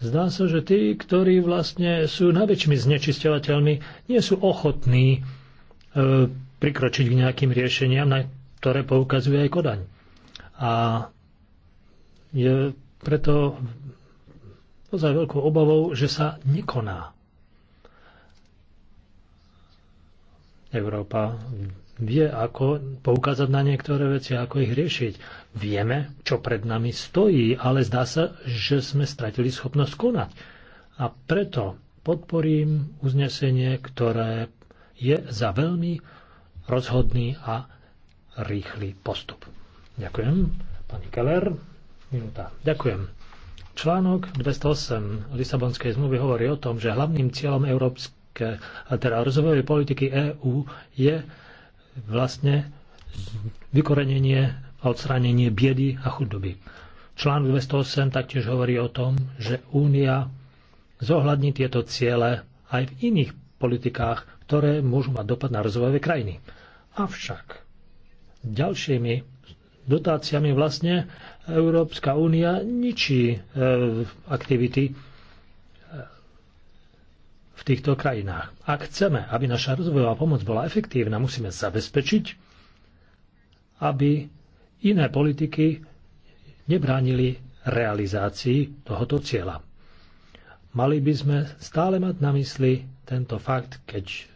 Zdá sa, že tí, ktorí vlastne sú najväčšími znečisťovateľmi, nie sú ochotní e, prikročiť k nejakým riešeniam, na ktoré poukazuje aj Kodaň. A je preto naozaj veľkou obavou, že sa nekoná. Európa vie, ako poukázať na niektoré veci, ako ich riešiť. Vieme, čo pred nami stojí, ale zdá sa, že sme stratili schopnosť konať. A preto podporím uznesenie, ktoré je za veľmi rozhodný a rýchly postup. Ďakujem. Pani Keller, minúta. Ďakujem. Článok 208 Lisabonskej zmluvy hovorí o tom, že hlavným cieľom európske, teda rozvojovej politiky EÚ je vlastne vykorenenie a odstránenie biedy a chudoby. Článok 208 taktiež hovorí o tom, že Únia zohľadní tieto ciele aj v iných politikách, ktoré môžu mať dopad na rozvojové krajiny. Avšak ďalšími dotáciami vlastne Európska únia ničí e, aktivity e, v týchto krajinách. Ak chceme, aby naša rozvojová pomoc bola efektívna, musíme zabezpečiť, aby iné politiky nebránili realizácii tohoto cieľa. Mali by sme stále mať na mysli tento fakt, keď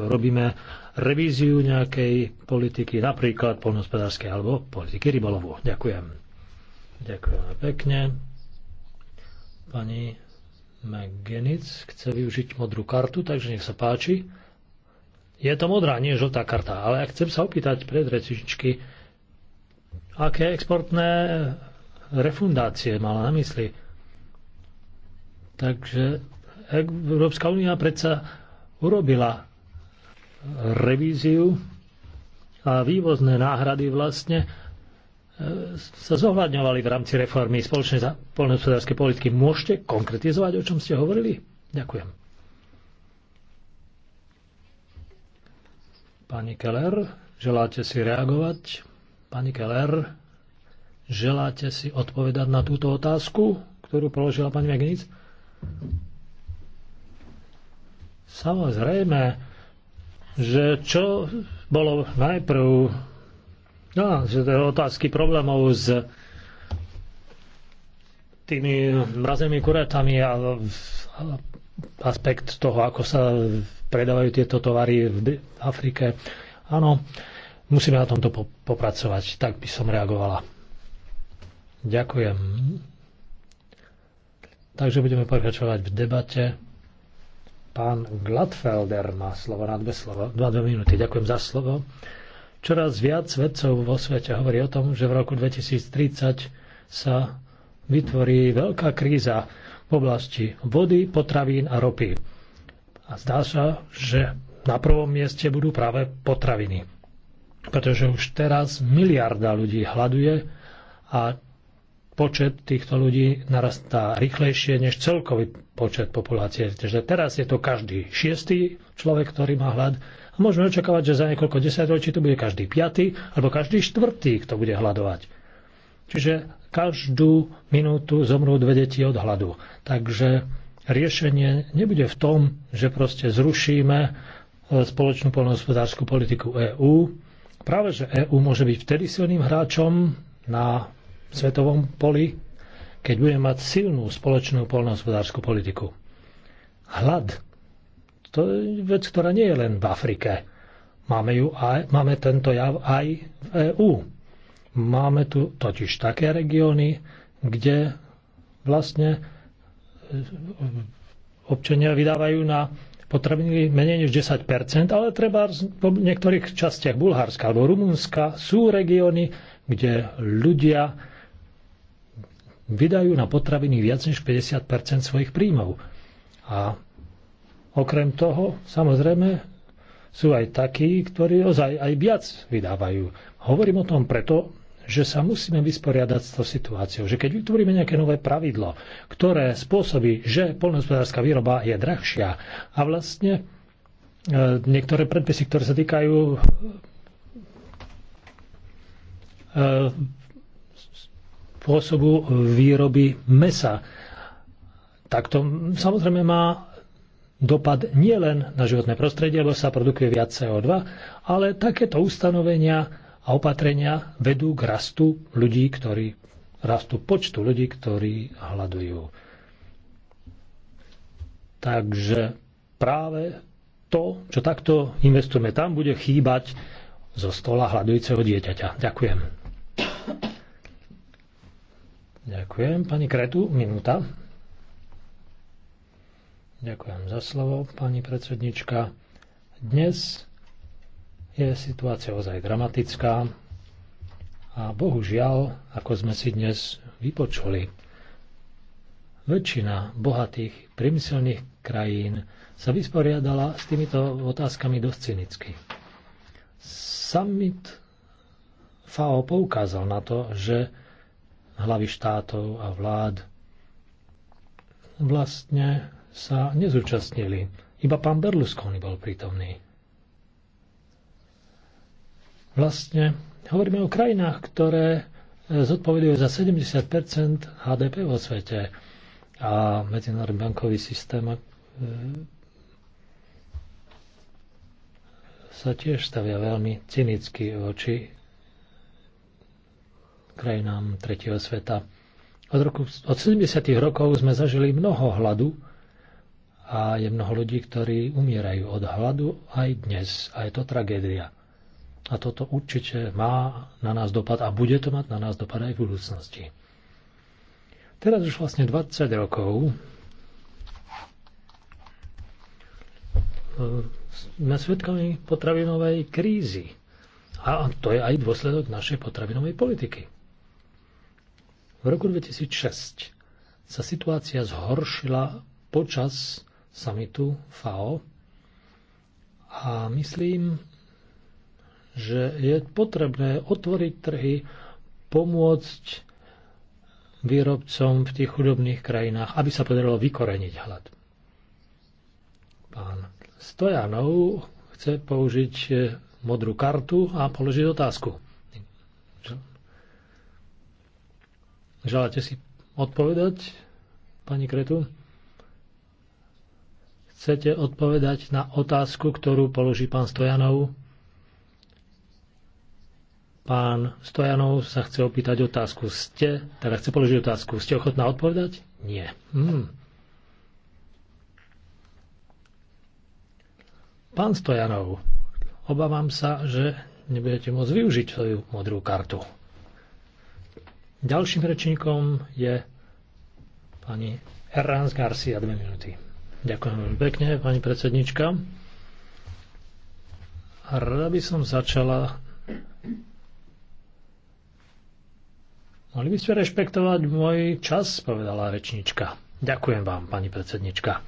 robíme revíziu nejakej politiky, napríklad poľnohospodárskej alebo politiky rybolovu. Ďakujem. Ďakujem pekne. Pani McGenic chce využiť modrú kartu, takže nech sa páči. Je to modrá, nie žltá karta, ale chcem sa opýtať recičky aké exportné refundácie mala na mysli. Takže Európska únia predsa urobila revíziu a vývozné náhrady vlastne e, sa zohľadňovali v rámci reformy spoločnej poľnohospodárskej politiky. Môžete konkretizovať, o čom ste hovorili? Ďakujem. Pani Keller, želáte si reagovať? Pani Keller, želáte si odpovedať na túto otázku, ktorú položila pani Megnic? Samozrejme, že čo bolo najprv, no, že to je otázky problémov s tými mrazenými kuretami a, a aspekt toho, ako sa predávajú tieto tovary v Afrike. Áno, Musíme na tomto popracovať. Tak by som reagovala. Ďakujem. Takže budeme pokračovať v debate. Pán Gladfelder má slovo na dve, slovo, dva, dve minúty. Ďakujem za slovo. Čoraz viac vedcov vo svete hovorí o tom, že v roku 2030 sa vytvorí veľká kríza v oblasti vody, potravín a ropy. A zdá sa, že na prvom mieste budú práve potraviny pretože už teraz miliarda ľudí hľaduje a počet týchto ľudí narastá rýchlejšie než celkový počet populácie. Takže teraz je to každý šiestý človek, ktorý má hlad. A môžeme očakávať, že za niekoľko desaťročí to bude každý piatý alebo každý štvrtý, kto bude hľadovať. Čiže každú minútu zomrú dve deti od hladu. Takže riešenie nebude v tom, že proste zrušíme e, spoločnú poľnohospodárskú politiku EÚ, práve že EU môže byť vtedy silným hráčom na svetovom poli, keď bude mať silnú spoločnú polnohospodárskú politiku. Hlad, to je vec, ktorá nie je len v Afrike. Máme, ju aj, máme tento jav aj v EU. Máme tu totiž také regióny, kde vlastne e, občania vydávajú na potraviny menej než 10 ale treba v niektorých častiach Bulharska alebo Rumunska sú regióny, kde ľudia vydajú na potraviny viac než 50 svojich príjmov. A okrem toho, samozrejme, sú aj takí, ktorí ozaj aj viac vydávajú. Hovorím o tom preto, že sa musíme vysporiadať s tou situáciou, že keď vytvoríme nejaké nové pravidlo, ktoré spôsobí, že poľnohospodárska výroba je drahšia a vlastne e, niektoré predpisy, ktoré sa týkajú e, spôsobu výroby mesa, tak to samozrejme má dopad nielen na životné prostredie, lebo sa produkuje viac CO2, ale takéto ustanovenia a opatrenia vedú k rastu ľudí, ktorí rastu počtu ľudí, ktorí hľadujú. Takže práve to, čo takto investujeme tam, bude chýbať zo stola hľadujúceho dieťaťa. Ďakujem. Ďakujem. Pani Kretu, minúta. Ďakujem za slovo, pani predsednička. Dnes je situácia ozaj dramatická a bohužiaľ, ako sme si dnes vypočuli, väčšina bohatých priemyselných krajín sa vysporiadala s týmito otázkami dosť cynicky. Summit FAO poukázal na to, že hlavy štátov a vlád vlastne sa nezúčastnili. Iba pán Berlusconi bol prítomný. Vlastne hovoríme o krajinách, ktoré e, zodpovedajú za 70 HDP vo svete a medzinárodný bankový systém e, sa tiež stavia veľmi cynicky voči krajinám tretieho sveta. Od, roku, od 70. rokov sme zažili mnoho hladu a je mnoho ľudí, ktorí umierajú od hladu aj dnes. A je to tragédia. A toto určite má na nás dopad a bude to mať na nás dopad aj v budúcnosti. Teraz už vlastne 20 rokov e, sme svetkami potravinovej krízy. A to je aj dôsledok našej potravinovej politiky. V roku 2006 sa situácia zhoršila počas samitu FAO a myslím, že je potrebné otvoriť trhy, pomôcť výrobcom v tých chudobných krajinách, aby sa podarilo vykoreniť hlad. Pán Stojanov chce použiť e, modrú kartu a položiť otázku. Želáte si odpovedať, pani Kretu? Chcete odpovedať na otázku, ktorú položí pán Stojanov? Pán Stojanov sa chce opýtať otázku. Ste, teda chce položiť otázku. Ste ochotná odpovedať? Nie. Hmm. Pán Stojanov, obávam sa, že nebudete môcť využiť svoju modrú kartu. Ďalším rečníkom je pani Errans Garcia, dve minúty. Ďakujem veľmi pekne, pani predsednička. Rada by som začala Mali by ste rešpektovať môj čas, povedala rečnička. Ďakujem vám, pani predsednička.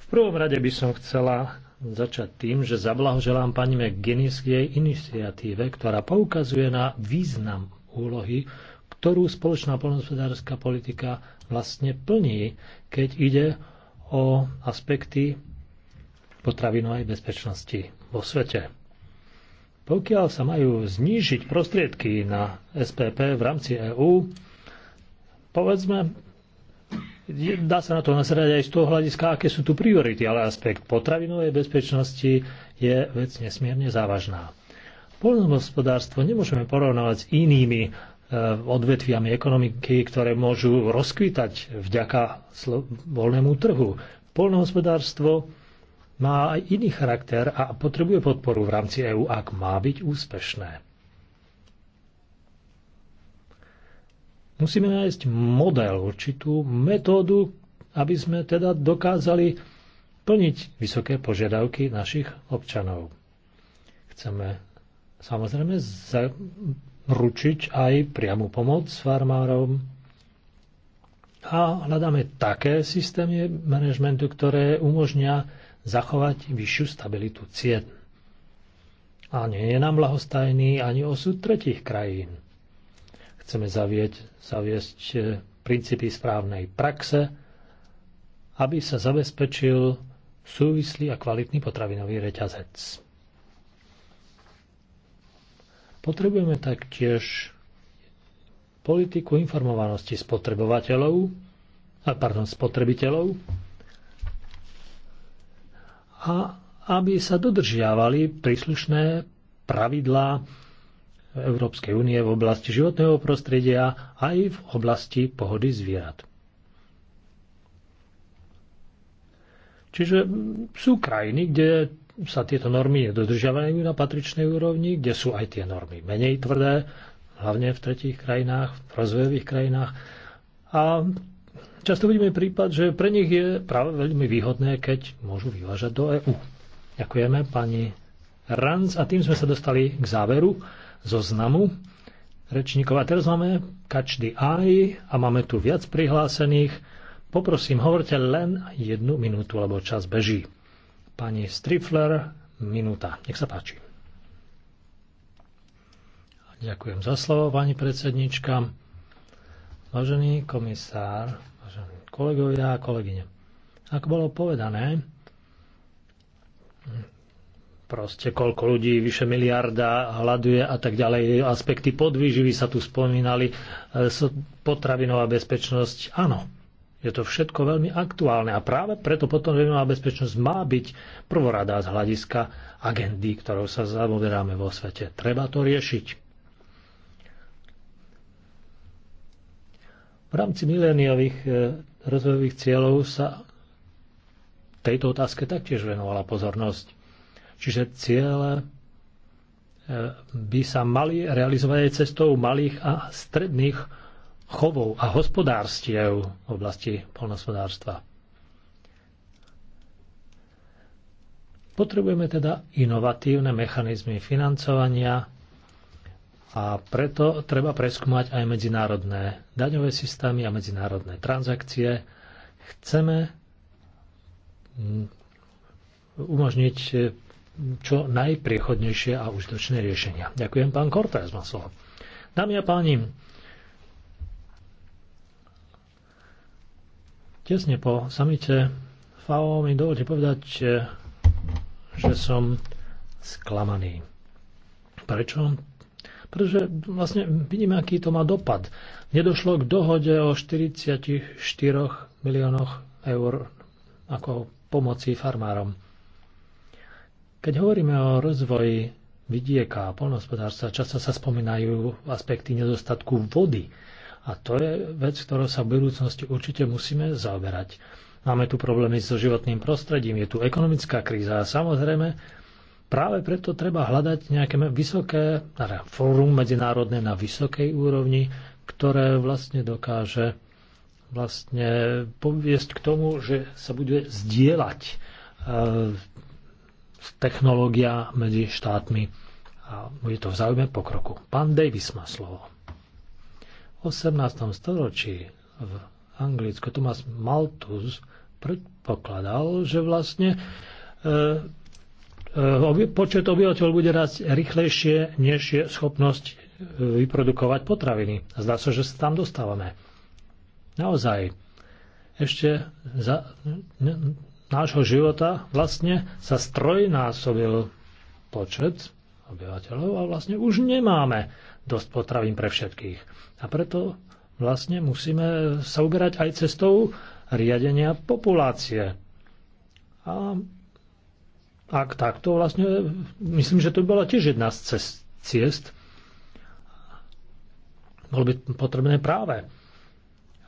V prvom rade by som chcela začať tým, že zablahoželám pani McGuinness k jej iniciatíve, ktorá poukazuje na význam úlohy, ktorú spoločná poľnohospodárska politika vlastne plní, keď ide o aspekty potravinovej bezpečnosti vo svete. Pokiaľ sa majú znížiť prostriedky na SPP v rámci EÚ, povedzme, dá sa na to nasrať aj z toho hľadiska, aké sú tu priority, ale aspekt potravinovej bezpečnosti je vec nesmierne závažná. Poľnohospodárstvo nemôžeme porovnávať s inými e, odvetviami ekonomiky, ktoré môžu rozkvitať vďaka voľnému trhu. Poľnohospodárstvo má aj iný charakter a potrebuje podporu v rámci EÚ, ak má byť úspešné. Musíme nájsť model, určitú metódu, aby sme teda dokázali plniť vysoké požiadavky našich občanov. Chceme samozrejme zručiť aj priamu pomoc farmárom a hľadáme také systémy manažmentu, ktoré umožňa zachovať vyššiu stabilitu cien. A nie je nám lahostajný ani osud tretich krajín. Chceme zavieť, zaviesť e, princípy správnej praxe, aby sa zabezpečil súvislý a kvalitný potravinový reťazec. Potrebujeme taktiež politiku informovanosti spotrebovateľov pardon, spotrebiteľov a aby sa dodržiavali príslušné pravidlá Európskej únie v oblasti životného prostredia aj v oblasti pohody zvierat. Čiže sú krajiny, kde sa tieto normy nedodržiavajú na patričnej úrovni, kde sú aj tie normy menej tvrdé, hlavne v tretích krajinách, v rozvojových krajinách. A Často vidíme prípad, že pre nich je práve veľmi výhodné, keď môžu vyvážať do EÚ. Ďakujeme pani Ranc a tým sme sa dostali k záveru zoznamu rečníkov. A teraz máme každý aj a máme tu viac prihlásených. Poprosím, hovorte len jednu minútu, lebo čas beží. Pani Strifler, minúta. Nech sa páči. Ďakujem za slovo, pani predsednička. Vážený komisár, vážení kolegovia a kolegyne. Ako bolo povedané, proste koľko ľudí, vyše miliarda hľaduje a tak ďalej. Aspekty podvýživy sa tu spomínali, e, potravinová bezpečnosť, áno. Je to všetko veľmi aktuálne a práve preto potom potravinová bezpečnosť má byť prvoradá z hľadiska agendy, ktorou sa zaoberáme vo svete. Treba to riešiť. V rámci miléniových e, rozvojových cieľov sa tejto otázke taktiež venovala pozornosť. Čiže ciele e, by sa mali realizovať aj cestou malých a stredných chovov a hospodárstiev v oblasti polnospodárstva. Potrebujeme teda inovatívne mechanizmy financovania a preto treba preskúmať aj medzinárodné daňové systémy a medzinárodné transakcie. Chceme mm, umožniť e, čo najpriechodnejšie a užitočné riešenia. Ďakujem, pán Kortés, má slovo. Dámy a páni, tesne po samite FAO mi dovolte povedať, e, že som sklamaný. Prečo? pretože vlastne vidíme, aký to má dopad. Nedošlo k dohode o 44 miliónoch eur ako pomoci farmárom. Keď hovoríme o rozvoji vidieka a polnohospodárstva, často sa spomínajú aspekty nedostatku vody. A to je vec, ktorou sa v budúcnosti určite musíme zaoberať. Máme tu problémy so životným prostredím, je tu ekonomická kríza a samozrejme Práve preto treba hľadať nejaké vysoké teda fórum medzinárodné na vysokej úrovni, ktoré vlastne dokáže vlastne poviesť k tomu, že sa bude zdieľať e, technológia medzi štátmi a bude to v záujme pokroku. Pán Davis má slovo. V 18. storočí v Anglicku Thomas Malthus predpokladal, že vlastne e, Eh, počet obyvateľov bude rásť rýchlejšie, než je schopnosť eh, vyprodukovať potraviny. Zdá sa, so, že sa tam dostávame. Naozaj. Ešte za nášho života vlastne sa strojnásobil počet obyvateľov a vlastne už nemáme dosť potravín pre všetkých. A preto vlastne musíme sa uberať aj cestou riadenia populácie. A ak takto vlastne, myslím, že to by bola tiež jedna z cest, ciest. Bolo by potrebné práve,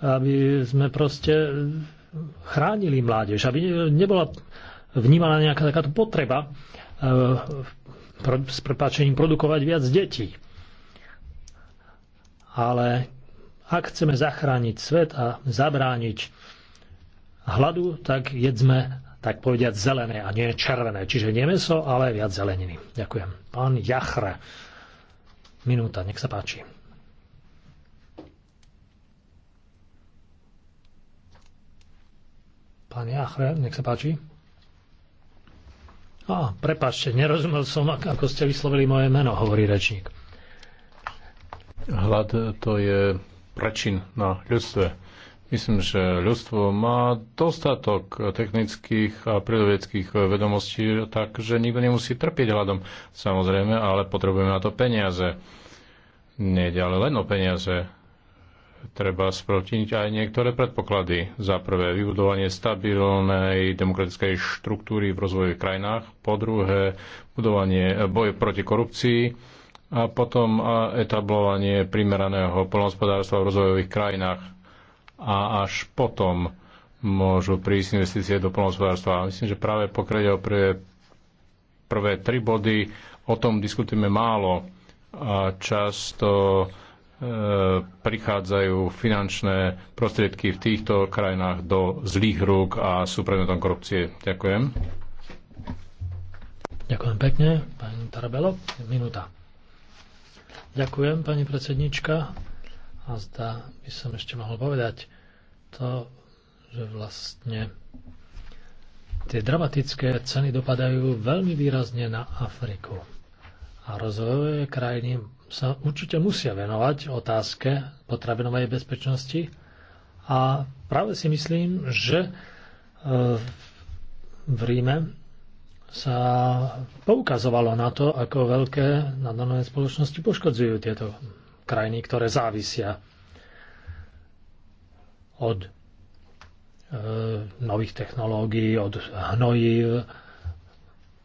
aby sme proste chránili mládež, aby nebola vnímaná nejaká takáto potreba e, s prepáčením produkovať viac detí. Ale ak chceme zachrániť svet a zabrániť hladu, tak jedzme tak povediať zelené a nie červené. Čiže nie meso, ale viac zeleniny. Ďakujem. Pán Jachre, minúta, nech sa páči. Pán Jachre, nech sa páči. Á, prepáčte, nerozumel som, ako ste vyslovili moje meno, hovorí rečník. Hlad to je prečin na ľudstve Myslím, že ľudstvo má dostatok technických a prírodovedeckých vedomostí, takže nikto nemusí trpieť hľadom, samozrejme, ale potrebujeme na to peniaze. Nejde ale len o peniaze. Treba sprotiť aj niektoré predpoklady. Za prvé, vybudovanie stabilnej demokratickej štruktúry v rozvojových krajinách. Po druhé, budovanie boje proti korupcii a potom etablovanie primeraného polnohospodárstva v rozvojových krajinách a až potom môžu prísť investície do plnohospodárstva. Myslím, že práve pokiaľ ide o prvé tri body, o tom diskutujeme málo a často e, prichádzajú finančné prostriedky v týchto krajinách do zlých rúk a sú predmetom korupcie. Ďakujem. Ďakujem pekne, pani Tarabelo. Minúta. Ďakujem, pani predsednička. A zdá by som ešte mohol povedať to, že vlastne tie dramatické ceny dopadajú veľmi výrazne na Afriku. A rozvojové krajiny sa určite musia venovať otázke potravinovej bezpečnosti. A práve si myslím, že e, v Ríme sa poukazovalo na to, ako veľké nadnárodné spoločnosti poškodzujú tieto krajiny, ktoré závisia od e, nových technológií, od hnojív.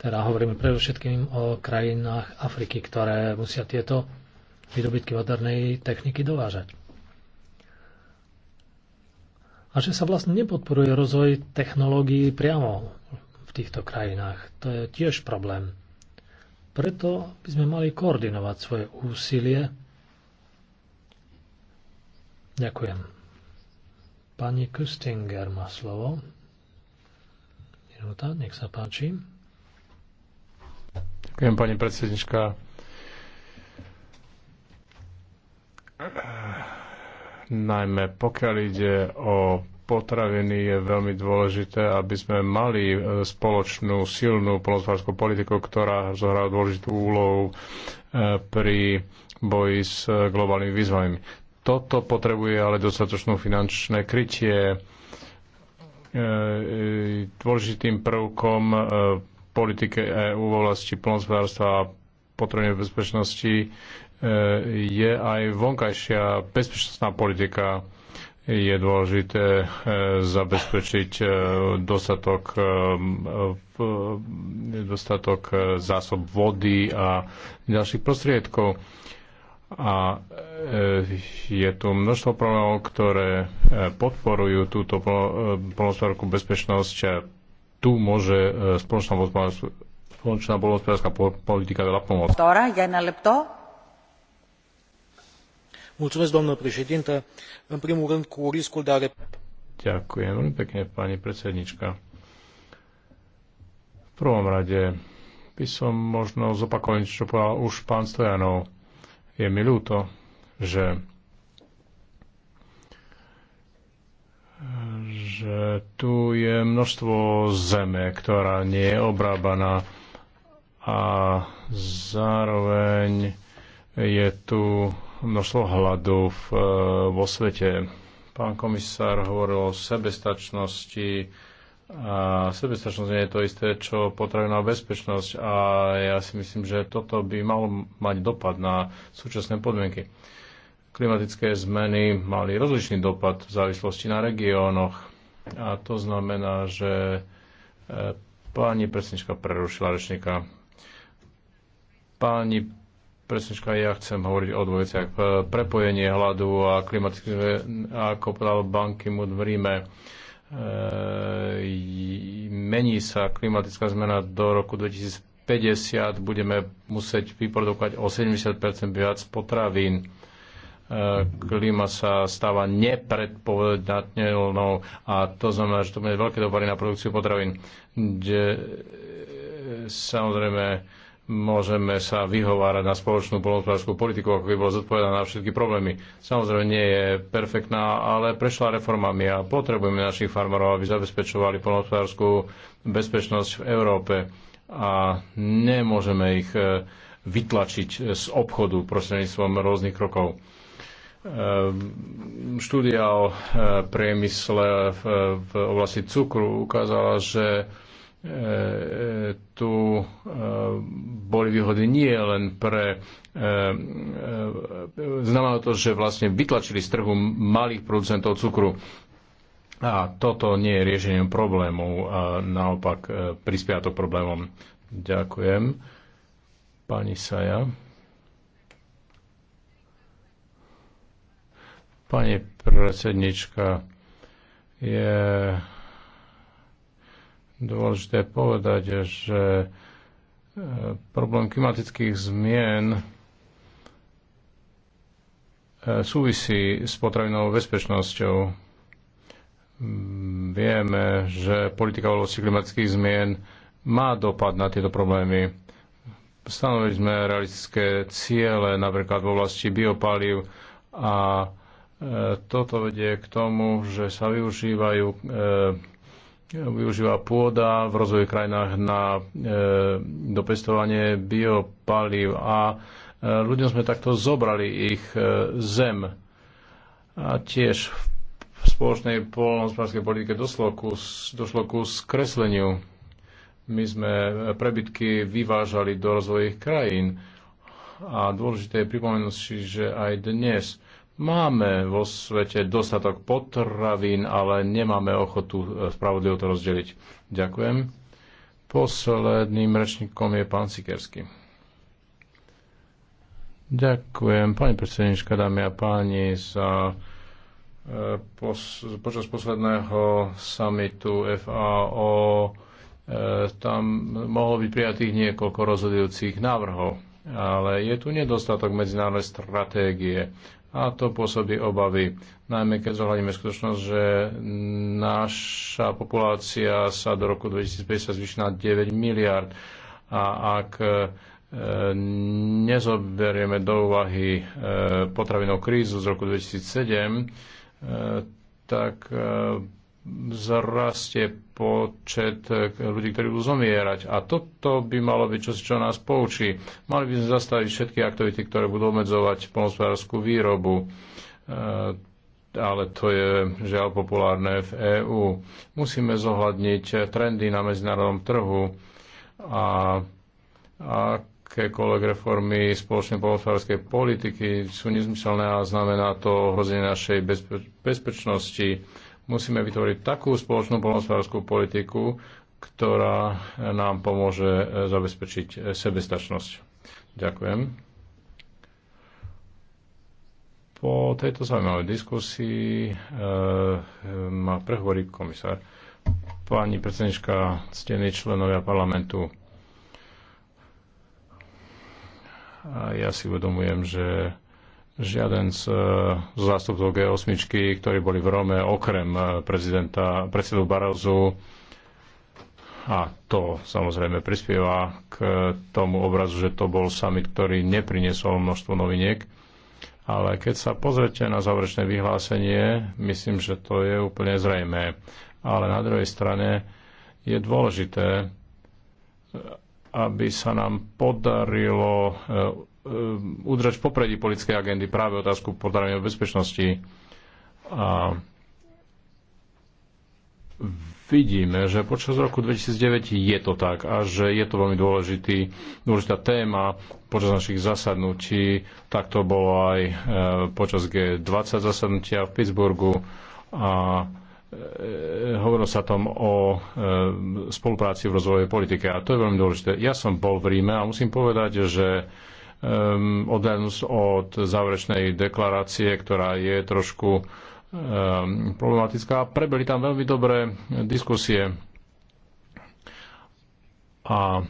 Teda hovoríme predovšetkým o krajinách Afriky, ktoré musia tieto výdobytky modernej techniky dovážať. A že sa vlastne nepodporuje rozvoj technológií priamo v týchto krajinách. To je tiež problém. Preto by sme mali koordinovať svoje úsilie Ďakujem. Pani Kustinger má slovo. Minúta, nech sa páči. Ďakujem, pani predsednička. Najmä pokiaľ ide o potraviny, je veľmi dôležité, aby sme mali e, spoločnú silnú polnospodárskú politiku, ktorá zohrá dôležitú úlohu e, pri boji s globálnymi výzvami. Toto potrebuje ale dostatočnú finančné krytie. E, e, dôležitým prvkom e, politike EÚ v oblasti plnospodárstva a potrebnej bezpečnosti je aj vonkajšia bezpečnostná politika. Je dôležité zabezpečiť dostatok, dostatok zásob vody a ďalších prostriedkov a e, je tu množstvo problémov, ktoré e, podporujú túto e, polnospodárskú bezpečnosť a tu môže spoločná spoločná polnospodárska politika veľa pomôcť. lepto? Mulțumesc, doamnă președintă. În primul rând, cu riscul de a Ďakujem veľmi pekne, pani predsednička. V prvom rade by som možno zopakoval, čo povedal už pán Stojanov je mi ľúto, že, že tu je množstvo zeme, ktorá nie je obrábaná a zároveň je tu množstvo hladu v, vo svete. Pán komisár hovoril o sebestačnosti, a sebestačnosť nie je to isté, čo potravená bezpečnosť a ja si myslím, že toto by malo mať dopad na súčasné podmienky. Klimatické zmeny mali rozličný dopad v závislosti na regiónoch a to znamená, že e, pani presnička prerušila rečníka. Pani presnička, ja chcem hovoriť o dvoch veciach. Prepojenie hladu a klimatické, ako povedal Banky mu v Ríme, E, mení sa klimatická zmena do roku 2050, budeme musieť vyprodukovať o 70 viac potravín. E, Klima sa stáva nepredpovedateľnou a to znamená, že to bude veľké dopady na produkciu potravín. Kde, e, samozrejme, môžeme sa vyhovárať na spoločnú polnospodárskú politiku, ako by bola zodpovedaná na všetky problémy. Samozrejme nie je perfektná, ale prešla reformami a potrebujeme našich farmárov, aby zabezpečovali polnospodárskú bezpečnosť v Európe a nemôžeme ich e, vytlačiť z obchodu prostredníctvom rôznych krokov. Ehm, štúdia o e, priemysle e, v oblasti cukru ukázala, že E, e, tu e, boli výhody nie len pre... Znamenalo to, že vlastne vytlačili z trhu malých producentov cukru. A toto nie je riešením problémov, a naopak prispia to problémom. Ďakujem. Pani Saja. Pani predsednička, je dôležité povedať, že e, problém klimatických zmien e, súvisí s potravinovou bezpečnosťou. Mm, vieme, že politika v oblasti klimatických zmien má dopad na tieto problémy. Stanovili sme realistické ciele, napríklad v oblasti biopalív a e, toto vedie k tomu, že sa využívajú využíva pôda v rozvojových krajinách na e, dopestovanie biopalív a e, ľuďom sme takto zobrali ich e, zem. A tiež v spoločnej polnohospodárskej politike došlo ku, došlo ku skresleniu. My sme e, prebytky vyvážali do rozvojových krajín a dôležité je pripomenúť si, že aj dnes Máme vo svete dostatok potravín, ale nemáme ochotu e, spravodlivo to rozdeliť. Ďakujem. Posledným rečníkom je pán Sikersky. Ďakujem, pani predsednička, dámy a páni, za e, pos, počas posledného samitu FAO e, tam mohlo byť prijatých niekoľko rozhodujúcich návrhov, ale je tu nedostatok medzinárodnej stratégie a to pôsobí obavy. Najmä keď zohľadíme skutočnosť, že naša populácia sa do roku 2050 zvýši na 9 miliard a ak e, nezoberieme do úvahy e, potravinovú krízu z roku 2007, e, tak zrastie počet eh, ľudí, ktorí budú zomierať. A toto by malo byť čosi, čo nás poučí. Mali by sme zastaviť všetky aktivity, ktoré budú obmedzovať polnospodárskú výrobu. Eh, ale to je žiaľ populárne v EÚ. Musíme zohľadniť trendy na medzinárodnom trhu a akékoľvek reformy spoločnej polnospodárskej politiky sú nezmyselné a znamená to ohrozenie našej bezpe- bezpečnosti Musíme vytvoriť takú spoločnú polnospodárskú politiku, ktorá nám pomôže e, zabezpečiť e, sebestačnosť. Ďakujem. Po tejto zaujímavej diskusii e, e, má prehovorí komisár. Pani predsednička, ctení členovia parlamentu, a ja si uvedomujem, že žiaden z e, zástupcov G8, ktorí boli v Rome, okrem e, prezidenta, predsedu Barazu, a to samozrejme prispieva k e, tomu obrazu, že to bol summit, ktorý nepriniesol množstvo noviniek. Ale keď sa pozrete na záverečné vyhlásenie, myslím, že to je úplne zrejmé. Ale na druhej strane je dôležité, aby sa nám podarilo Ehm, udržať v popredí politickej agendy práve otázku potravinovej bezpečnosti. A vidíme, že počas roku 2009 je to tak a že je to veľmi dôležitý, dôležitá téma počas našich zasadnutí. Tak to bolo aj e, počas G20 zasadnutia v Pittsburghu a e, hovorilo sa tom o e, spolupráci v rozvojovej politike a to je veľmi dôležité. Ja som bol v Ríme a musím povedať, že um, odhľadnúť od záverečnej deklarácie, ktorá je trošku um, problematická. Prebeli tam veľmi dobré diskusie a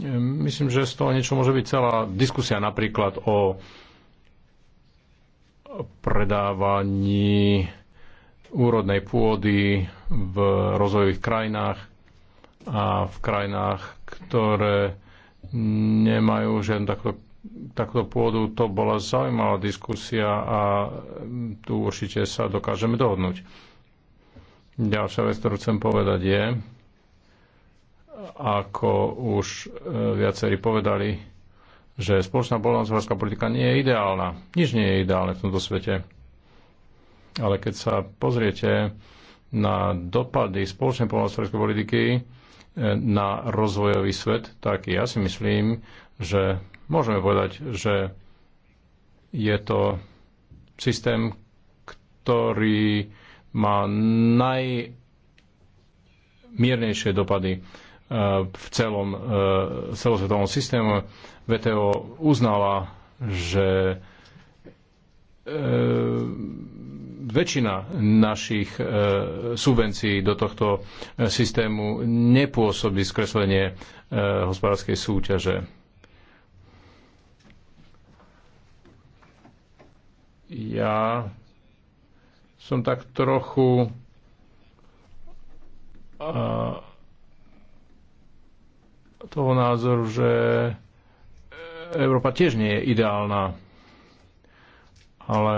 ehm, myslím, že z toho niečo môže byť celá diskusia napríklad o predávaní úrodnej pôdy v rozvojových krajinách a v krajinách, ktoré nemajú žiadnu takto Takto pôdu. To bola zaujímavá diskusia a tu určite sa dokážeme dohodnúť. Ďalšia vec, ktorú chcem povedať je, ako už e, viacerí povedali, že spoločná poľnohospodárska politika nie je ideálna. Nič nie je ideálne v tomto svete. Ale keď sa pozriete na dopady spoločnej poľnohospodárskej politiky e, na rozvojový svet, tak ja si myslím, že Môžeme povedať, že je to systém, ktorý má najmiernejšie dopady eh, v celom eh, celosvetovom systému. VTO uznala, že eh, väčšina našich subvencií do tohto systému nepôsobí skreslenie hospodárskej súťaže ja som tak trochu uh, toho názoru, že Európa tiež nie je ideálna, ale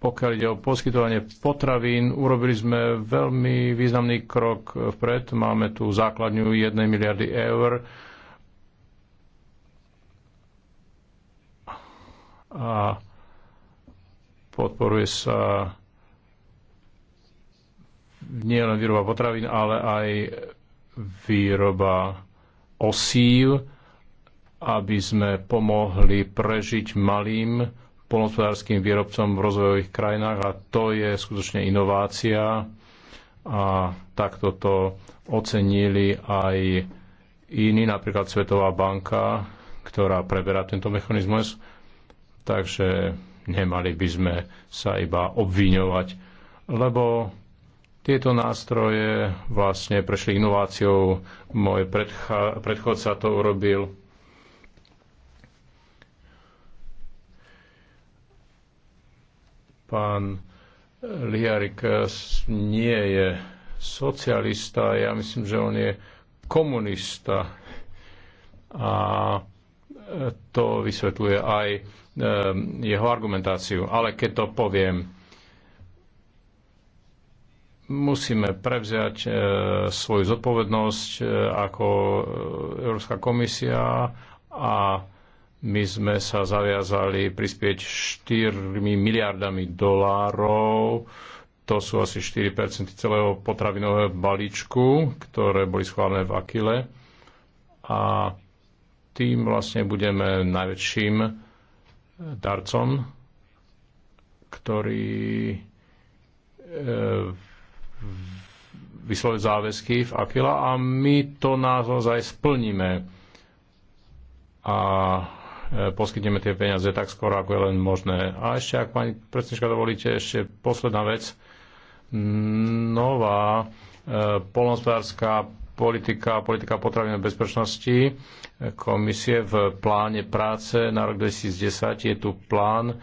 pokiaľ ide o poskytovanie potravín, urobili sme veľmi významný krok vpred. Máme tu základňu 1 miliardy eur a podporuje sa nie len výroba potravín, ale aj výroba osív, aby sme pomohli prežiť malým polnospodárským výrobcom v rozvojových krajinách a to je skutočne inovácia a takto to ocenili aj iní, napríklad Svetová banka, ktorá preberá tento mechanizmus Takže nemali by sme sa iba obviňovať, lebo tieto nástroje vlastne prešli inováciou. Môj predchodca to urobil. Pán Liarik nie je socialista, ja myslím, že on je komunista. A to vysvetľuje aj Ehm, jeho argumentáciu. Ale keď to poviem, musíme prevziať ehm, svoju zodpovednosť ehm, ako Európska komisia a my sme sa zaviazali prispieť 4 miliardami dolárov. To sú asi 4 celého potravinového balíčku, ktoré boli schválené v Akile. A tým vlastne budeme najväčším darcom, ktorý e, vyslovil záväzky v Aquila a my to naozaj splníme a e, poskytneme tie peniaze tak skoro, ako je len možné. A ešte, ak pani predsednička dovolíte, ešte posledná vec. Nová e, polnospodárska politika, politika potravinovej bezpečnosti komisie v pláne práce na rok 2010 je tu plán,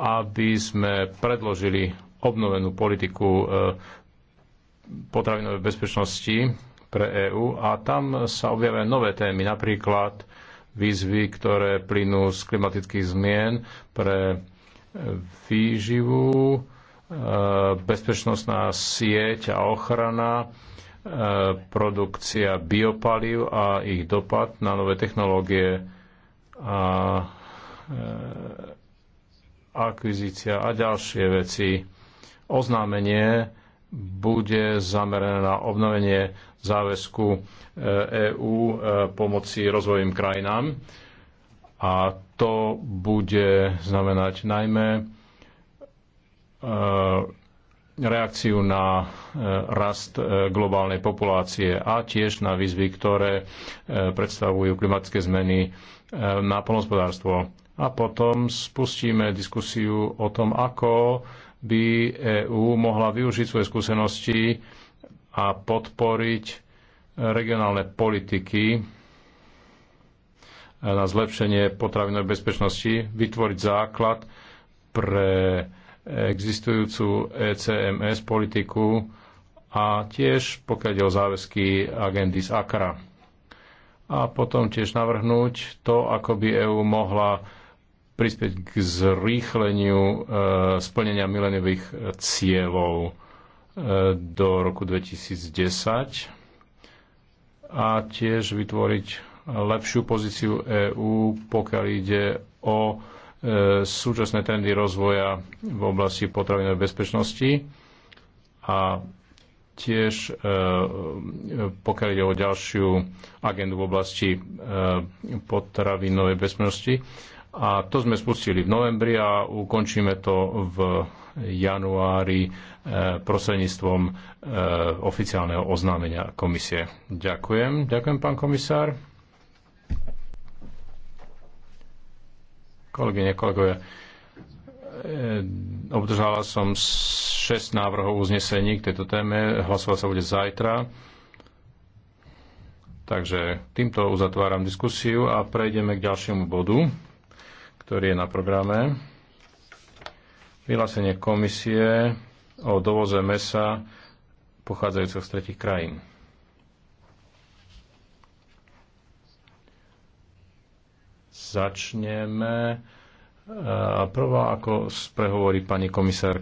aby sme predložili obnovenú politiku e, potravinovej bezpečnosti pre EÚ a tam sa objavia nové témy, napríklad výzvy, ktoré plynú z klimatických zmien pre výživu, e, bezpečnostná sieť a ochrana, E, produkcia biopalív a ich dopad na nové technológie a e, akvizícia a ďalšie veci. Oznámenie bude zamerané na obnovenie záväzku EÚ e pomoci rozvojovým krajinám a to bude znamenať najmä reakciu na e, rast e, globálnej populácie a tiež na výzvy, ktoré e, predstavujú klimatické zmeny na polnospodárstvo. A potom spustíme diskusiu o tom, ako by EÚ mohla využiť svoje skúsenosti a podporiť regionálne politiky na zlepšenie potravinovej bezpečnosti, vytvoriť základ pre existujúcu ECMS politiku a tiež pokiaľ ide o záväzky agendy z Akra. A potom tiež navrhnúť to, ako by EÚ mohla prispieť k zrýchleniu e, splnenia mileniových cieľov e, do roku 2010 a tiež vytvoriť lepšiu pozíciu EÚ, pokiaľ ide o E, súčasné trendy rozvoja v oblasti potravinovej bezpečnosti a tiež e, pokiaľ ide o ďalšiu agendu v oblasti e, potravinovej bezpečnosti. A to sme spustili v novembri a ukončíme to v januári prostredníctvom oficiálneho oznámenia komisie. Ďakujem. Ďakujem, pán komisár. Kolegyne, kolegovia, e, obdržala som 6 návrhov uznesení k tejto téme. Hlasovať sa bude zajtra. Takže týmto uzatváram diskusiu a prejdeme k ďalšiemu bodu, ktorý je na programe. Vyhlásenie komisie o dovoze mesa pochádzajúceho z tretich krajín. začneme. A prvá, ako prehovorí pani komisár